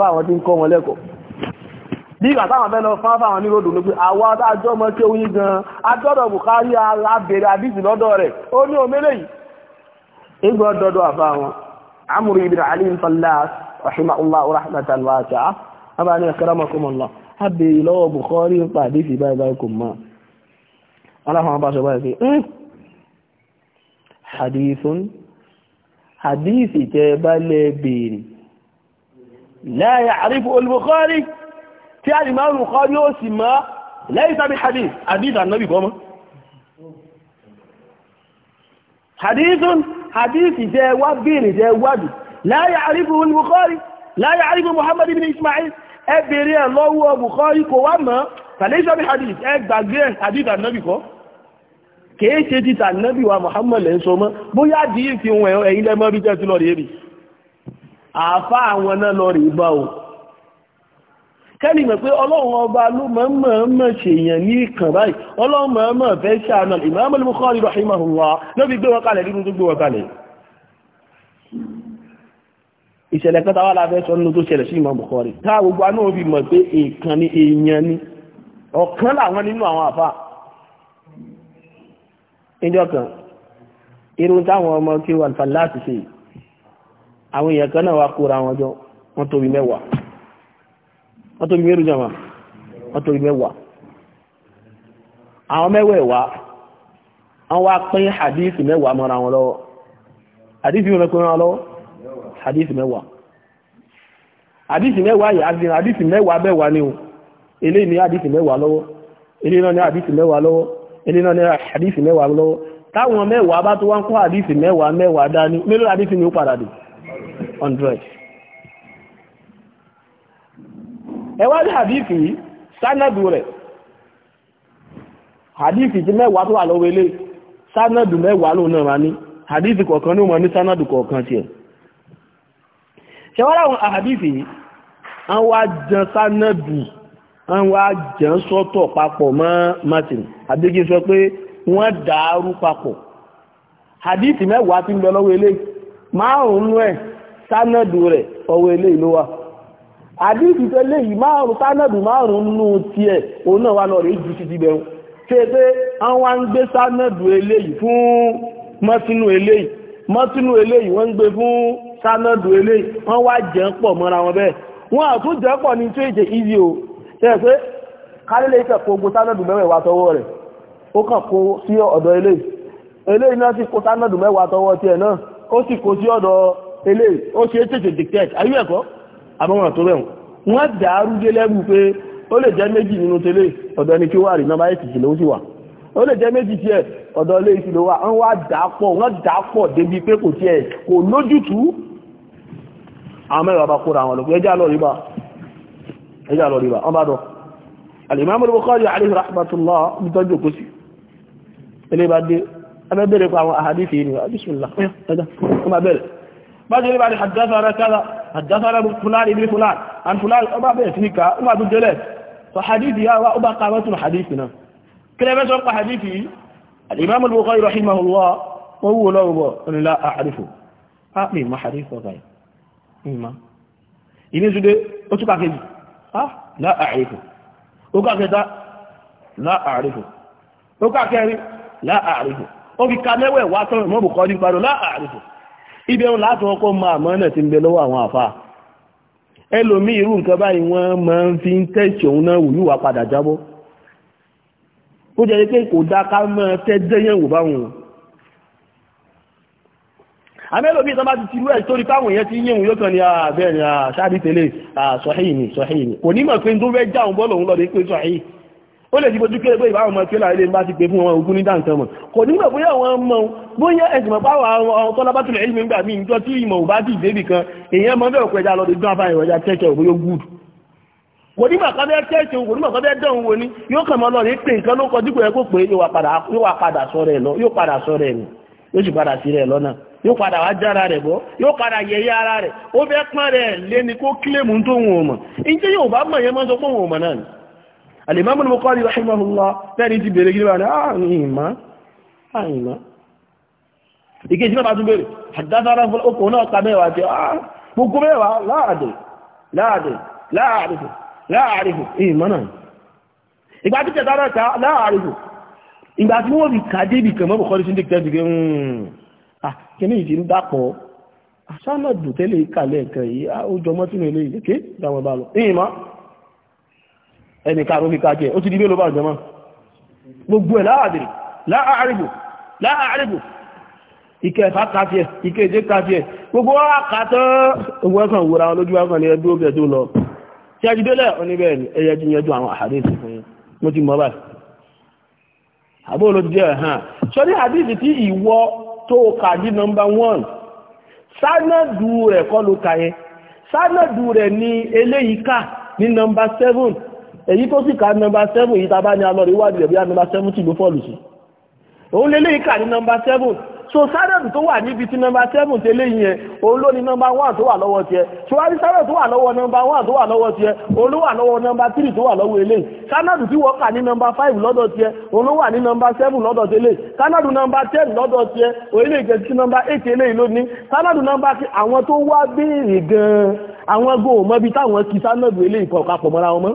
àwọn tí ń kọ́ wọn lẹ́kọ̀ọ́ bí ìgbà táwọn bẹ́ẹ̀ lọ fáfá àwọn oníròdò ló pé àwọn adájọ́ mọ́ kí oyin gan adọ́dọ̀ Bukhari alábèrè àdìsí lọ́dọ̀ rẹ̀ ó ní omele yìí igbó dọ́dọ̀ àfa wọn Amru ibn Ali fallas rahimahullah rahmatan wasi'a abá ní akramakumullah abèrè lọ́wọ́ Bukhari ń pa àdìsí báyìí báyìí kò mọ́ aláfọwọ́n tí a lè máa rùn kọ́ yóò sì mọ́ lẹ́yìn sábí hadith hadith annabi gọmọ́ hadithun hadith jẹ́ wá bèèrè jẹ́ wádù la ya'rifuhu al-Bukhari la ya'rifu Muhammad ibn Ismail ẹ bèèrè ẹ̀ lọ́wọ́ Bukhari kò wá mọ́ lẹ́yìn sábí hadith ẹ gbàgbé hadith annabi kọ́ kìí ṣe ti tànàbí wa Muhammad lẹ́ ń kẹ́lì mọ̀ pé ọlọ́run ọba ló mọ̀ọ́mọ̀ ṣèyàn ní ìkàn báyìí ọlọ́run mọ̀ọ́mọ̀ fẹ́ ṣàánà Imam al-Bukhari rahimahullah lóbi gbé wọn kalẹ̀ nínú tó gbé wọn kalẹ̀ ìṣẹ̀lẹ̀ kan tàwà lábẹ́ sọ nínú tó ṣẹlẹ̀ sí Imam Bukhari tá gbogbo aná òbí mọ̀ pé èèkan ni èèyàn ni ọ̀kan làwọn nínú àwọn àfà ìjọ kan èèyàn kan náà wá kóra wọn jọ wọn tóbi mẹ́wàá wọ́n tó mẹ́rù jọmọ́ wọ́n tó mẹ́wàá àwọn mẹ́wẹ̀ẹ̀wá wọ́n wá pín hadithi mẹ́wàá mọ́ra wọn lọ́wọ́ hadithi mẹ́wàá mọ́ra lọ́wọ́ hadithi mẹ́wàá hadithi mẹ́wàá yìí àti hadithi mẹ́wàá mẹ́wàá ni o eléyìí ni hadithi mẹ́wàá lọ́wọ́ eléyìí náà ni hadithi mẹ́wàá lọ́wọ́ eléyìí náà ni hadithi mẹ́wàá lọ́wọ́ táwọn mẹ́wàá bá tó wá ń kó hadithi mẹ́wàá mẹ́wàá dání mélòó hadithi ni ó padà dé 100 ẹwà ní hadithi yìí sanadu rẹ̀ hadithi ti mẹ́wàá tó wà lọ́wọ́ ilé sanadu mẹ́wàá lóun náà wà ní hadithi kọ̀ọ̀kan ní wọn ní sanadu kọ̀ọ̀kan tiẹ̀ ṣẹwàá àwọn hadithi yìí wọ́n wá jẹun sanadu wọ́n wá jẹun sọ́tọ̀ papọ̀ mọ́ martin adégi sọ pé wọ́n dàárú papọ̀ hadithi mẹ́wàá ti ń bẹ lọ́wọ́ ilé márùn-ún ẹ̀ sanadu rẹ̀ ọwọ́ ilé ìlú wa àdíìsì tó léyìí márùn sánàdù márùn nínú tiẹ̀ òun náà wà lọ rèé ju títí bẹ̀rù pé àwọn wá ń gbé sánàdù eléyìí fún mọ́tínú eléyìí mọ́tínú eléyìí wọ́n ń gbé fún eléyìí wọ́n wá jẹ́ pọ̀ mọ́ra wọn bẹ́ẹ̀ wọ́n àtún jẹ́ pọ̀ ní tó èjè o ṣe pé kálílẹ̀ kó ogun sánàdù tọwọ́ rẹ̀ ó kó sí ọ̀dọ̀ eléyìí eléyìí náà sì kó abọ́mọ̀ tó bẹ̀rùn wọ́n dàárú dé lẹ́gbù pé ó lè jẹ́ méjì nínú tẹ́lẹ̀ ọ̀dọ̀ ni kí wà rí nọ́mbà ètìtì ló sì wà ó lè jẹ́ méjì tiẹ̀ ọ̀dọ̀ ilé ìṣìlò wà wọ́n wá dàápọ̀ wọ́n dàápọ̀ débi pé kò tiẹ̀ kò lójútùú àwọn mẹ́rin ọba kóra àwọn olùkú ẹjá lọ rí bá بعد حدثنا كذا àjásáré fúlán ibi fúlán and fúlán ọba bẹ̀rẹ̀ sí níka ó máa tún jẹ́lẹ̀ so hadithi yá ó bá kàwẹ́ tún hadithi náà kí lẹ́fẹ́ sọ pa hadithi al-imam al-bukhari rahimahullah wọ́n wúwo lọ́wọ́ bọ̀ onílá àrífò á pè má hadithi ọ̀gá yìí ma ìní ṣúdé ó túkà kejì á lá àrífò ó kà kẹta lá àrífò ibi ẹun láti wọn kọ́ ma àmọ́nà ti ń bẹ lọ́wọ́ àwọn àfà ẹlòmí irú nǹkan báyìí wọ́n máa ń fi ń tẹ̀sí òun náà wù yíwà padà jábọ́ ó jẹ́ pé kò dá ká máa tẹ́ dẹ́yẹ̀wò báwọn àmẹ́lòmí ìtọ́ bá ti tirú ẹ̀ torí káwọn èèyàn ti yẹ̀wò yóò kàn ní àbẹ́ẹ̀ni àṣáàdì tẹ́lẹ̀ sọ̀hìn ni sọ̀hìn ni kò ní mọ̀ pé tó fẹ́ já òun bọ́ lòun lọ́dẹ pé sọ̀hìn ó lè jíbojú kéré pé ìbáwọn ọmọ tíọ́lá ilé bá ti pè fún ọmọ ogun ní dáǹkan mọ̀ kò nígbà bóyá àwọn ọmọ tí kan mọ́ bẹ́ẹ̀ pẹ̀já lọ yóò kọ padà wá jára rẹ̀ bọ́ yóò padà yẹ̀yẹ́ ara rẹ̀ ó fẹ́ pọ́n rẹ̀ lé ni kó kílèmù tó wọn ò ìjẹ́ yóò bá mọ̀ mọ́ sọ wọn náà Al-Imam Al-Bukhari rahimahullah fẹ́ni ti bèèrè gíríwà ní àìmá àìmá ìkéjì náà tún bèèrè àdására okùn náà ka mẹ́wàá tí ah, gbogbo mẹ́wàá láàdì láàdì láàrìfù láàrìfù ìmá náà ìgbà tí kẹta náà ká láàrìfù ìgbà tí wọ́n fi kàdé ibì kan mọ́bù kọ́lé síndé kẹ́sì pé hmm, ah, kíní ìdí ń dàpọ̀ àṣánà dùtẹ́lẹ̀ ìkàlẹ̀ kan yìí ah, ó jọmọ́ sínú ilé ẹni karùn-ún fi kájẹ́ ó ti di mélòó bá jọmọ́ gbogbo ẹ̀ láàdìrí láàárìbò láàárìbò ike ẹ̀fà káfíẹ̀ ike èdè káfíẹ̀ gbogbo àkàtọ́ ogun ẹ̀kan wúra lójú ẹ̀kan ní ẹdú ọbẹ̀ tó lọ tí a jìdélẹ̀ oníbẹ̀ ẹyẹ jí yẹjú àwọn àhàdìsì fún yín mo ti mọ̀ báyìí àbó ló ti jẹ́ ẹ̀hàn sọ rẹ̀ ní eléyìí ní nọmba èyí tó sì ka nọmba seven yìí tábà ní alọ́rẹ̀ ìwádìí ẹ̀bí nọmba seven tì ló fọ́ọ̀lù sí òun lélẹ́yìí kà ní nọmba seven so sárẹ̀dù tó wà níbi tí nọmba seven tẹ́lẹ̀ yẹn òun ló ní nọmba one tó wà lọ́wọ́ tiẹ̀ ṣùgbọ́n sárẹ̀dù tó wà lọ́wọ́ nọmba one tó wà lọ́wọ́ tiẹ̀ òun ló wà lọ́wọ́ nọmba three tó wà lọ́wọ́ eléyìí sárẹ̀dù tí wọ́n kà ní nọmba five lọ́dọ̀ tiẹ̀ òun ló wà ní nọmba seven lọ́dọ̀ tẹ́lẹ̀ sárẹ̀dù nọmba ten lọ́dọ̀ tiẹ̀ òun lè jẹ́ nọmba eight eléyìí lónìí sárẹ̀dù nọmba ti àwọn tó wá béèrè gan-an àwọn gbòòmọ́bi táwọn kì sárẹ̀dù eléyìí kọ̀ọ̀kan pọ̀ mọ́ra wọn mọ́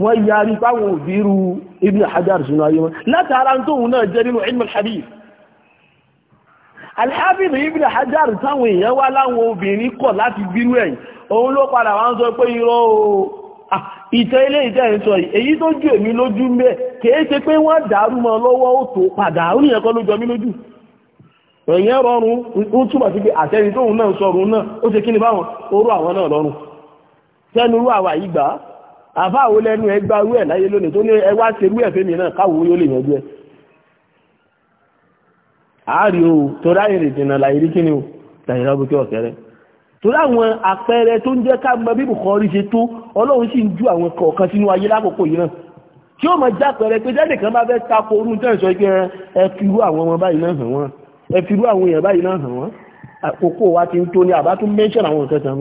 wọ́n rí fáwọn òbí irú Ibn Hajar ayé wọn látara tóhun náà jẹ́ nínú ilmul hadith al ibi Ibn Hajar táwọn èèyàn wá láwọn obìnrin kọ̀ láti gbírú ẹ̀yìn òun ló padà wá ń sọ pé irọ́ ìtẹ́ ilé ìtẹ́ ìsọ èyí tó jù èmi lójú mẹ́ kìí ṣe pé wọ́n dàrú mọ́ lọ́wọ́ ó tó padà ó ló jọ lójú ẹ̀yẹn rọrùn àfa àwọn lẹ́nu ẹ gba irú ẹ̀ láyé lónìí tó ní ẹ wá ṣe irú ẹ̀ fẹ́mi náà káwọn yóò lè yanjú ẹ. àárí o torí àyè lè dènà láyé rí kíni o láyé rábùkí ọ̀sẹ̀ rẹ̀ torí àwọn àpẹẹrẹ tó ń jẹ́ ká mọ bí Bukhari ṣe tó Ọlọ́run sì ń ju àwọn kọ̀ọ̀kan sínú ayé lákòókò yìí náà tí ó mọ̀ jápẹ̀rẹ̀ pé jáde kan bá fẹ́ tako orú tẹ́ ìṣọ́ ìgbẹ́ ẹ ẹ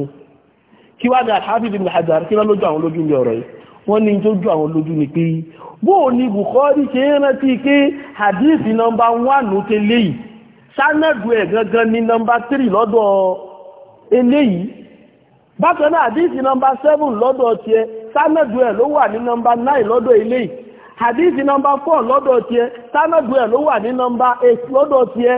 kí wá ní al-Hafiz ibn Hajar kí lọ́lójú àwọn lójú ní ọ̀rọ̀ yìí wọ́n ní tó jú àwọn lójú ni pé bóò ni Bukhari ṣe ń rántí pé hadithi nọmba 1 tẹ́lẹ̀ yìí sánàdù ẹ̀ gangan ní nọmba 3 lọ́dọ̀ eléyìí bákan náà hadithi nọmba 7 lọ́dọ̀ tiẹ̀ sánàdù ẹ̀ ló wà ní nọmba 9 lọ́dọ̀ eléyìí hadithi nọmba 4 lọ́dọ̀ tiẹ̀ sánàdù ẹ̀ ló wà ní nọmba 8 lọ́dọ̀ tiẹ̀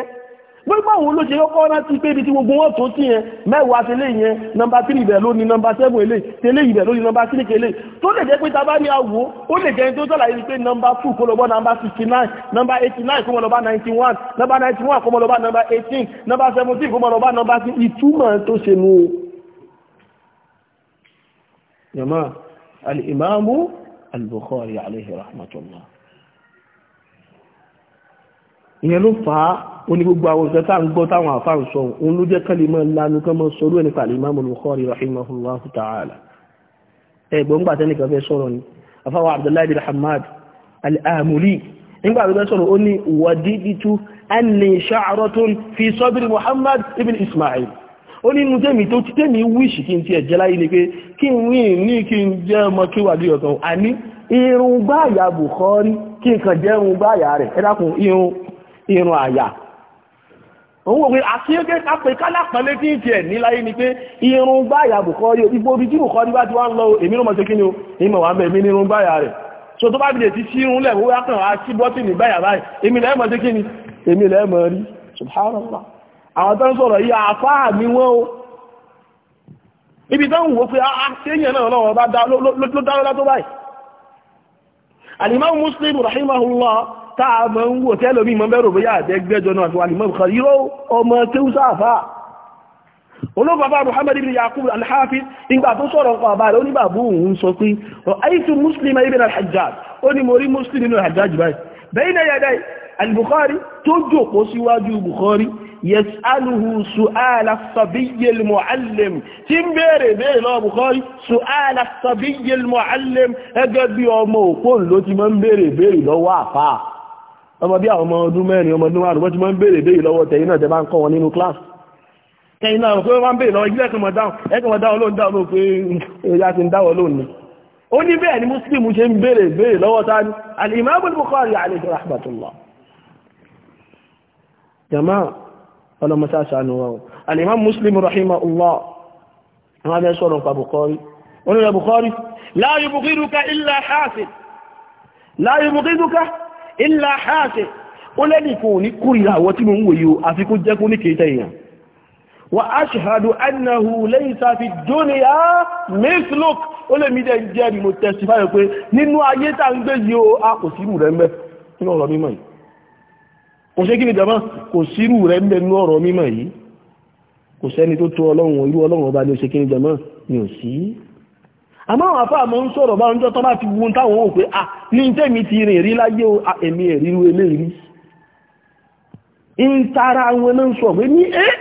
gbogbo àwọn olóṣè kọ́kọ́ rántí pé ibi tí gbogbo wọn tó sí yẹn mẹ́wàá tẹ́lẹ̀ yẹn nọmba tírì ibẹ̀ ló ní nọmba sẹ́wọ̀n èlé tẹ́lẹ̀ ibẹ̀ ló ní nọmba tírì kẹlẹ̀ tó lè jẹ́ pé ta bá ní àwò ó lè jẹ́ tó sọ̀lá yìí pé nọmba two kó lọ́bọ́ nọmba sixty nine nọmba eighty nine kó mọ́ lọ́ba ninety one nọmba ninety one kó mọ́ lọ́ba nọmba eighteen nọmba seventeen kó mọ́ nọmba six ìtumọ̀ tó ṣe nu o. yàmá al-Imam al-Bukhari alayhi rahmatullah ìyẹn ló fà á oní gbogbo àwọn ìṣẹ́ tá à ń gbọ́ táwọn àfà ń sọ òun ló jẹ́ kán lè mọ́ lanu kán mọ́ sọ lóẹ̀ nípa Imam al-Bukhari rahimahullahu ta'ala ẹgbọ́n gbà tẹ́nìkan fẹ́ sọ̀rọ̀ ni afáwọ̀ Abdullahi bin Hamad al-Amuli nígbà tó fẹ́ sọ̀rọ̀ ó ní wàdídìtú ẹni ṣàárọ̀tún fi sọ́bìrì Muhammad ibn Ismail ó ní inú tẹ́mi tó ti tẹ́mi wíṣì kí n ti ẹ̀jẹ́ láyé ni pé kí n rí ní kí n jẹ́ ọmọ kí wà bí ọ̀tọ̀ àní irun gbáàyà Bukhari kí n kàn jẹ́ irun gbáàyà rẹ̀ ẹ irun irun àyà òun òwe àkíyèké kápẹ́ kálápẹ́lẹ́ tí ń tiẹ̀ níláyé ni pé irun gbáyà bùkọ́rí ìbò orí tí bùkọ́rí bá ti wá ń lọ èmi ló mọ̀ sí kíni o ìmọ̀ wà mẹ́mí nírun gbáyà rẹ̀ so tó bá bí lè ti sí irun lẹ̀ wọ́n kàn á sí bọ́tì ní gbáyà báyìí èmi lẹ́mọ̀ sí kíni èmi lẹ́mọ̀ rí subhanallah àwọn tó ń sọ̀rọ̀ yìí àfáà mi wọ́n o ibi tó ń wò pé a ah, ah, ṣéyàn náà lọ́wọ́ bá dá ló dá lọ́lá tó báyìí al-Imam Muslim rahimahullah táà mọ́ ń wò tẹ́lòmí mọ́ bẹ́rò bóyá àtẹ́gbẹ́jọ náà fún alìmọ́ Bukhari yíó ọmọ tẹ́wùsáàfà olóbàbá Muhammad ibn Yaqub al-Hafiz ìgbà tó sọ̀rọ̀ nǹkan àbára ó ní bàbú òun sọ pé ọ̀áìtù Muslim ibn al-Hajjaj ó ní mo rí Muslim ibn al-Hajjaj báyìí bayna yaday al-Bukhari tó jòkó síwájú Bukhari yẹ̀sálùhù su'ala sabiyyil mu'allim tí ń bèèrè bèèrè lọ Bukhari su'ala sabiyyil mu'allim ẹgẹ́ bí ọmọ òkú ló ti mọ́ ń bèèrè bèèrè lọ́wọ́ àfáà ọmọ bí àwọn ọmọ ọdún mẹ́rin ọmọ ọdún márùn-ún wọ́n ti máa ń béèrè béèrè lọ́wọ́ tẹ̀yìn náà tẹ́ bá ń kọ́ wọn nínú kíláàsì tẹ̀yìn náà pé wọ́n ń béèrè lọ́wọ́ ilé ẹ̀kan mọ̀ dáhùn ẹ̀kan mọ̀ dáhùn lóun dáhùn lóun pé ẹ̀yà ti ń dáwọ̀ lóun ni ó ní bẹ́ẹ̀ ni muslim ṣe ń béèrè béèrè lọ́wọ́ ta ni al ilá haṣe ó lẹ́nìkan ní kórìíra àwọn mo ń o àfi kó jẹ́ ní kìí wa ashhadu anahu laysa fi dunya ó lè jẹ́ ni mo testify pé nínú ayé o a kò sírù rẹ̀ mẹ́ nínú ọ̀rọ̀ mímọ̀ yìí ọba àmọ́ àwọn afá mọ́ ń sọ̀rọ̀ bá oúnjẹ́ tọ́ bá ti wun táwọn òpé à ah, ní tẹ́mi ti rìn rí láyé ah, èmi ẹ̀ríru eléyìí ń tara wọn náà sọ pé ní ẹ́ eh,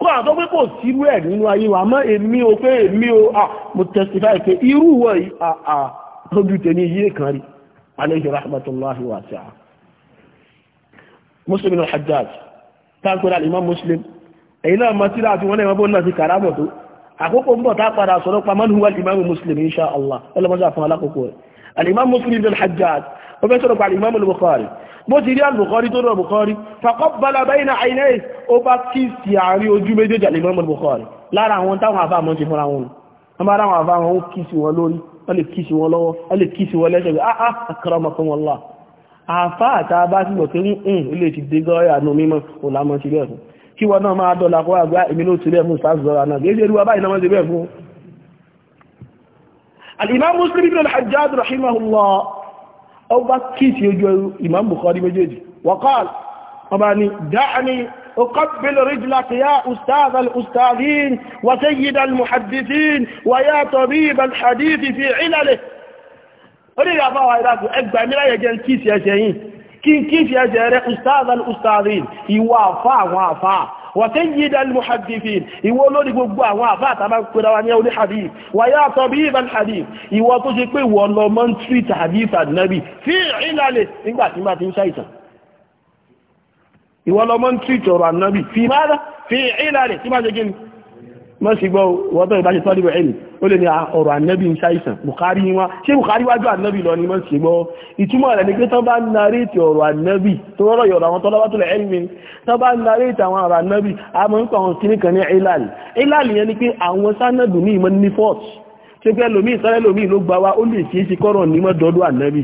kó àtọ́ pé kò sírú ẹ̀ nínú ayé wa mọ́ èmi o pé èmi o à ah, mo testify pé irú wọ̀ àà lójú tẹ̀mí yé kan rí alayhi rahmatullahi wa ta'a muslim al-hajjaj táàkùnrin al-imam muslim èyí náà mọ́ sílá àti wọn náà mọ́ bó náà ti kàrámọ̀ tó àkókò ń bọ̀ tá padà sọ̀rọ̀ pa mọ́lù wà ìmáàmù muslim insha allah ọlọ́mọdé àfún alákòókò rẹ̀ alimam muslim bin hajjaj ó fẹ́ sọ̀rọ̀ pa alimam al-bukhari bó ti rí al-bukhari tó rọ̀ bukhari faqabbala bayna aynayhi ó bá kí sí àárín ojú méjèèjì alimam al-bukhari lára àwọn táwọn àfà mọ́ ti fúnra wọn wọ́n bá ráwọn àfà wọn kí sí wọn lórí wọ́n lè kí sí wọn lọ́wọ́ wọ́n lè kí sí wọn lẹ́sẹ̀ ah ah akramakumullah àfà àtàbá sí pé ń mm, mm, ilé ti dé gọ́ọ̀yà nù mímọ́ òlàmọ́ ti rẹ̀ fún kí wọn náà máa dọ́là fún àgbá èmi ló ti rẹ̀ mú sáàzọ́ra náà gẹ́gẹ́ rí wa báyìí náà wọ́n ti bẹ́ẹ̀ fún al-imam muslim ibn al-hajjaj rahimahullah ọba bá kí sí ojú imam bukhari méjèèjì waqal ọba ni da'ani أقبل رجلك يا أستاذ الأستاذين وسيد المحدثين ويا طبيب الحديث في علله orí ìyàfáwà ìrákù ẹgbàmíláyẹ̀ jẹ́ kí sí ẹ̀ṣẹ̀ yìí كيف يجري أستاذ الأستاذين يوافع وافع وسيد المحدثين يقولوا لي gbogbo àwọn àfáà tá bá pera wa ní orí hadith wa ya tabib al hadith ìwọ tó ṣe pé wo lo man treat hadith an fi ilale nígbà tí ma tin shaitan ìwọ lo man treat ọ̀rọ̀ an nabi fi mada fi ilale tí ma jẹ́ gini mọ́sí gbọ́ wọ́tọ̀ ìbáṣe tọ́lú ìwẹ̀ ẹ̀lì ó lè ní ọ̀rọ̀ ànẹ́bí ń ṣàìsàn Bukhari wá ṣé Bukhari wájú ànẹ́bí lọ ní mọ́sí gbọ́ ìtumọ̀ rẹ̀ ní pé tán bá ń naréètì ọ̀rọ̀ ànẹ́bí tó rọ́rọ̀ yọ̀rọ̀ àwọn tọ́lọ́wọ́ tó lẹ̀ ẹ̀lì tán bá ń naréètì àwọn ọ̀rọ̀ ànẹ́bí a mọ̀ ń pa àwọn kìnnì kan ní ilal ilal yẹn ni pé àwọn sánàdù ní ìmọ̀ ní fort ṣe pé lomi ìsọ́lẹ̀ lomi ló gba wa ó lè ṣe é ṣe kọ́rọ̀ ní mọ́ dọ́dọ̀ ànẹ́bí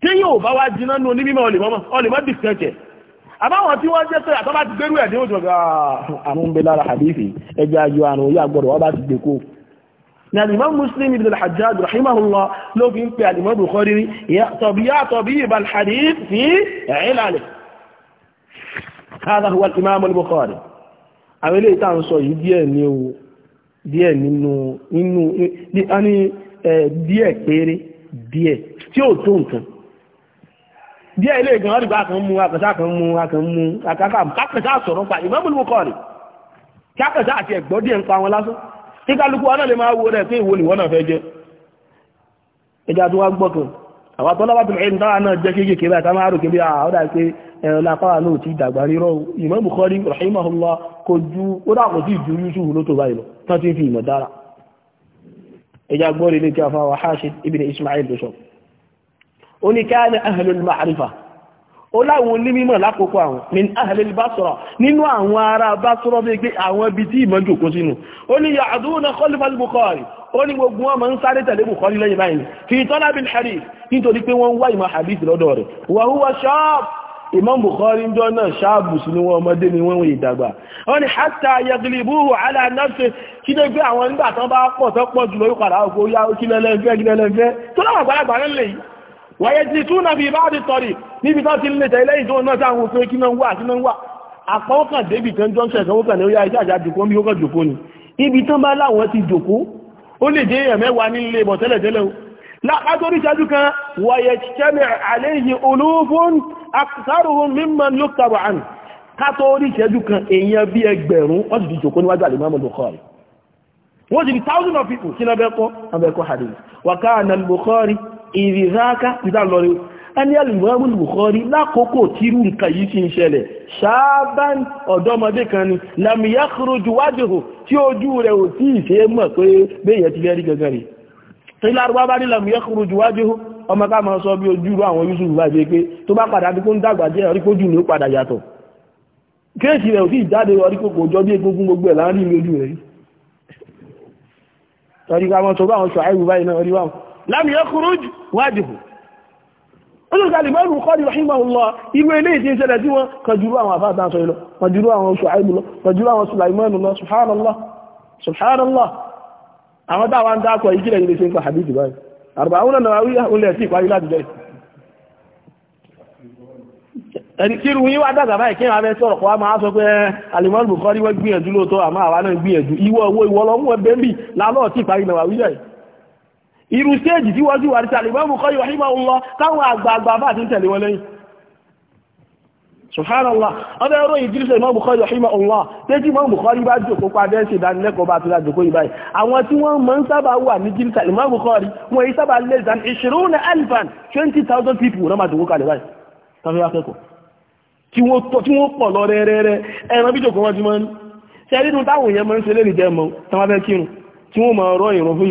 tí yóò bá wá jiná nu onímọ̀ ọlẹ̀mọ́ ọlẹ̀mọ́ dìkẹ́kẹ́ àbáwọn tí wọ́n jẹ́ pé àtọ́bá ti gbérú ẹ̀ ní òjò ah, àmú ń bẹ lára hadithi ẹjẹ́ ayọ́ àrùn orí àgbọ̀rọ̀ wọ́n bá ti gbé kó ni alimọ́ muslim ibn al-hajjaj rahimahullah ló fi ń pe alimọ́ bukhari yàtọ̀ fi ìlàlẹ̀ هذا هو الإمام البخاري àwọn ilé ìta ń sọ yìí díẹ̀ ní o díẹ̀ nínú nínú ní a eh, díẹ̀ ilé ìgbọ̀n ọ̀rìgbà kan mú akẹ̀sá kan mú akẹ̀ mú akẹ́kà kákẹ̀sá sọ̀rọ̀ pa ìmọ̀ mú kọ́ rẹ̀ kákẹ̀sá àti ẹ̀gbọ́ díẹ̀ ń pa wọn lásán kí kálukú ọ̀nà lè máa wo rẹ̀ pé ìwò nìwọ́n náà fẹ́ jẹ́ ẹja tó wá gbọ́kàn àwọn tó lọ́wọ́ tó lè dára náà jẹ́ kéékèèké bá ta máa rò kébí àwọ́dà ah, pé ẹ̀rọ lápáwà náà ti dàgbà rírọ̀ ìmọ̀ Bukhari rahimahullah kò ju ó dà oníkáàní ahlul ma'rifa ó láwọn onímọ̀ lákòókò àwọn min ahlil basra nínú àwọn ará basra bí pé àwọn ibi tí ìmọ̀ jòkó sínú ó ní ya'duna khalfa al-bukhari ó ní gbogbo wọn ma ń sáré tẹ̀lé bukhari lẹ́yìn báyìí fi talabil hadith nítorí pé wọ́n wá ìmọ̀ hadith lọ́dọ̀ rẹ̀ wa huwa shab imam bukhari ń jọ náà ṣáàbù sí ni wọ́n ọmọdé ni wọ́n wọ́n ìdàgbà wọ́n ni hatta yaglibuhu ala nafsi kí ló gbé àwọn nígbà tán bá pọ̀ tán pọ̀ jùlọ yóò ọkọ̀ yá kí lẹ́lẹ́fẹ́ kí tó láwọn àgbàlagbà rẹ̀ lè yìí wọ́yẹ ti tún náà fi bá ti tọ̀rì níbi tán ti lè tẹ̀ ilé ìjọ náà sáwọn òfin kí náà wà kí náà wà àpọ́kàn débì kan jọ́ṣẹ̀ kan wọ́kàn ní ó yá iṣẹ́ àjá jòkó bí ó kàn jòkó ni ibi tán bá láwọn ti jòkó ó lè dé èèyàn mẹ́wàá nílé ìbọ̀ tẹ́lẹ̀ tẹ́lẹ̀ o látọ́rí ṣáájú kan wọ̀yẹ̀ ṣẹ́lẹ̀ àléyìn ẹgbẹ̀rún wọ́n ti jòkó níwájú àlèmọ́ Bukhari wọ́n ti thousand of people sí lọ́bẹ̀ẹ́kọ́ àbẹ̀ẹ́kọ́ hadith wà káà nà Bukhari ìrìzáká ìdá lọ́rí ẹni alìmọ́mùn bukhari lákòókò tírù nǹkan yìí ti ń ṣẹlẹ̀ ṣáàbán ọ̀dọ́mọdé kan ni lamiyá kúrójú wájòhò tí ojú rẹ̀ ò tí ì ṣe mọ̀ pé bẹ́yẹ̀ ti lẹ́rí gangan rí tí lárúbá bá ní lamiyá kúrójú wájòhò ọmọ ká máa sọ bí ojú rú àwọn yusuf bá jẹ pé tó bá padà bí kó ń dàgbà jẹ́ orí kójú ni lámì yakhruj wajhu olùsọ alìmọ́rù kọ́dì rahimahullah ìwé ilé ìtí ìṣẹ́lẹ̀ tí wọ́n kọjúrú àwọn àfáàtà sọ ilọ̀ kọjúrú àwọn Ṣuaibu lọ kọjúrú àwọn Sulaimanu lọ subhanallah subhanallah àwọn táwa ń dákọ̀ ìkílẹ̀ ilé ṣe ń pa hadith báyìí Arba'una Nawawiyya olè sí ìparí láti jẹ́ ẹni tí irú yíwá dàgbà báyìí kí àwọn ẹsẹ̀ ọ̀pọ̀ máa sọ pé alìmọ́rù kọ́dì wọ́n gbìyànjú lóòótọ́ àmọ́ àwa irú stéèjì tí wọ́n sí wàrí tàlẹ̀ Imam Bukhari rahimahullah táwọn àgbààgbà bá ti ń tẹ̀lé wọn lẹ́yìn subhanallah ọdọ ẹ̀rọ ìdírísẹ̀ Imam Bukhari rahimahullah tẹ́jì Imam Bukhari bá jòkó padẹ́ sí ìdánilẹ́kọ̀ọ́ bá ti ra jòkó ìbáyìí àwọn tí wọ́n mọ́ ń sábà wà ní jírísẹ̀ Imam Bukhari wọ́n yí sábà less than ishruna alfan 20,000 people náà máa jòkó kalẹ̀ báyìí tàbí akẹ́kọ̀ọ́ tí wọ́n pọ̀ jòkó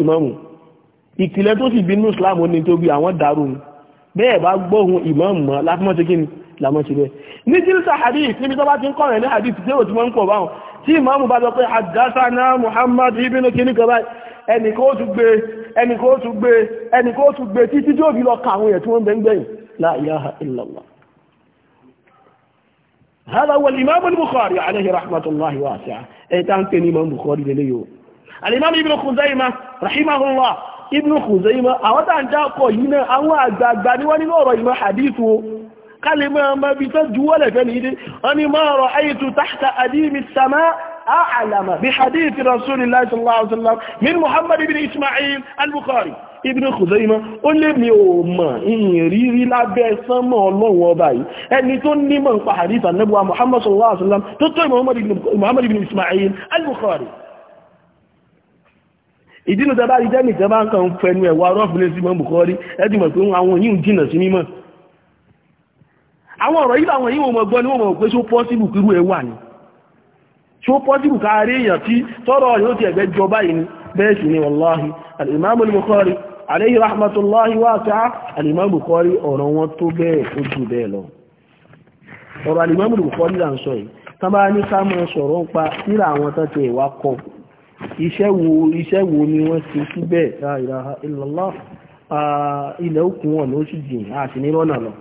wọn ìpìlẹ̀ tó sì bínú islam ní tó bí àwọn dàrú ni bẹ́ẹ̀ bá gbóhun ìmọ̀ọ̀mọ̀ láfímọ́ ti kíni làmọ́ ti rẹ̀ ní jírísà hadith níbi tó bá ti ń kọ̀rẹ̀ ní hadith tí ó ti mọ́ ń pọ̀ báwọn tí ìmọ̀ọ̀mù bá sọ pé àdásánà muhammad ibn kíní kan báyìí ẹnì kó هذا هو الإمام البخاري عليه رحمة الله واسعة إيه تانتني إمام بخاري لليو الإمام ابن خزيمة رحمه الله ibn Khuzaymah àwọn tá à ń dákọ̀ yìí náà àwọn àgbààgbà ni wọ́n nínú ọ̀rọ̀ ìmọ̀ hadith o kálí máa ma bí tó juwọ́lẹ̀ fẹ́ ní ìdí wọ́n ni máa rọ̀ ayètò tàhtà àdími sàmá àlàmà bí hadithi rasulillah sallallahu alaihi wasallam min muhammad ibn ismail al-bukhari ibn khuzaima ó lè mi ò mọ̀ ìyìn rírí lábẹ́ sánmọ̀ ọlọ́run muhammad ibn ismail al-bukhari ìdínú tẹ́ bá rí jẹ́ nìkan bá ń kàn fẹnu ẹ̀wọ̀ arọ́fìnlẹ̀ sí mọ́ bùkọ́rí ẹ́dìmọ̀ pé àwọn yìí ń jìnà sí mímọ́ àwọn ọ̀rọ̀ yìí àwọn yìí wọ́n mọ̀ gbọ́ wọ́n mọ̀ pé ṣó kírú ṣó káàrí èèyàn tí tọ́rọ yóò ti ẹ̀gbẹ́ ni bẹ́ẹ̀ sì ni wàláhi alayhi wa ọ̀rọ̀ wọn tó bẹ́ẹ̀ bẹ́ẹ̀ lọ ọ̀rọ̀ là iṣẹ́ wo iṣẹ́ ni wọ́n ti síbẹ̀ ìlàlá ilẹ̀ òkun ọ̀nà ó sì jìn àti ní rọ́nà lọ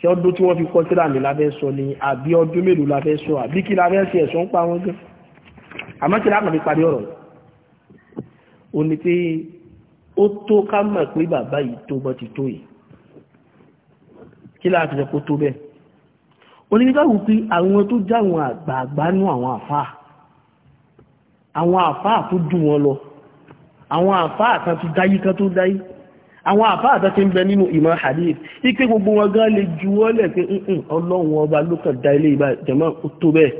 ṣé ọdún tí wọ́n fi kọ́ síra mi lábẹ́ sọ ni àbí ọdún mélòó lábẹ́ sọ àbí kí lábẹ́ ṣe ẹ̀sùn pa wọ́n gan àmọ́ kí lápàá fi parí ọ̀rọ̀ o ní pé ó tó ká mọ̀ pé bàbá yìí tó bọ́ ti tó yìí kí láti jẹ́ kó tó bẹ́ẹ̀ oníkàwù pé àwọn tó jáwọn àgbààgbà nú àwọn àfáà àwọn àfáà tó jù wọn lọ àwọn àfáà kan ti dáyí kan tó dáyí àwọn àfáà tó ti ń bẹ nínú ìmọ̀ hadith ike gbogbo wọn gan lè ju wọ́lẹ̀ pé nǹkan ọlọ́run ọba ló kàn dá ilé ìbá jẹ̀mọ́ tó bẹ́ẹ̀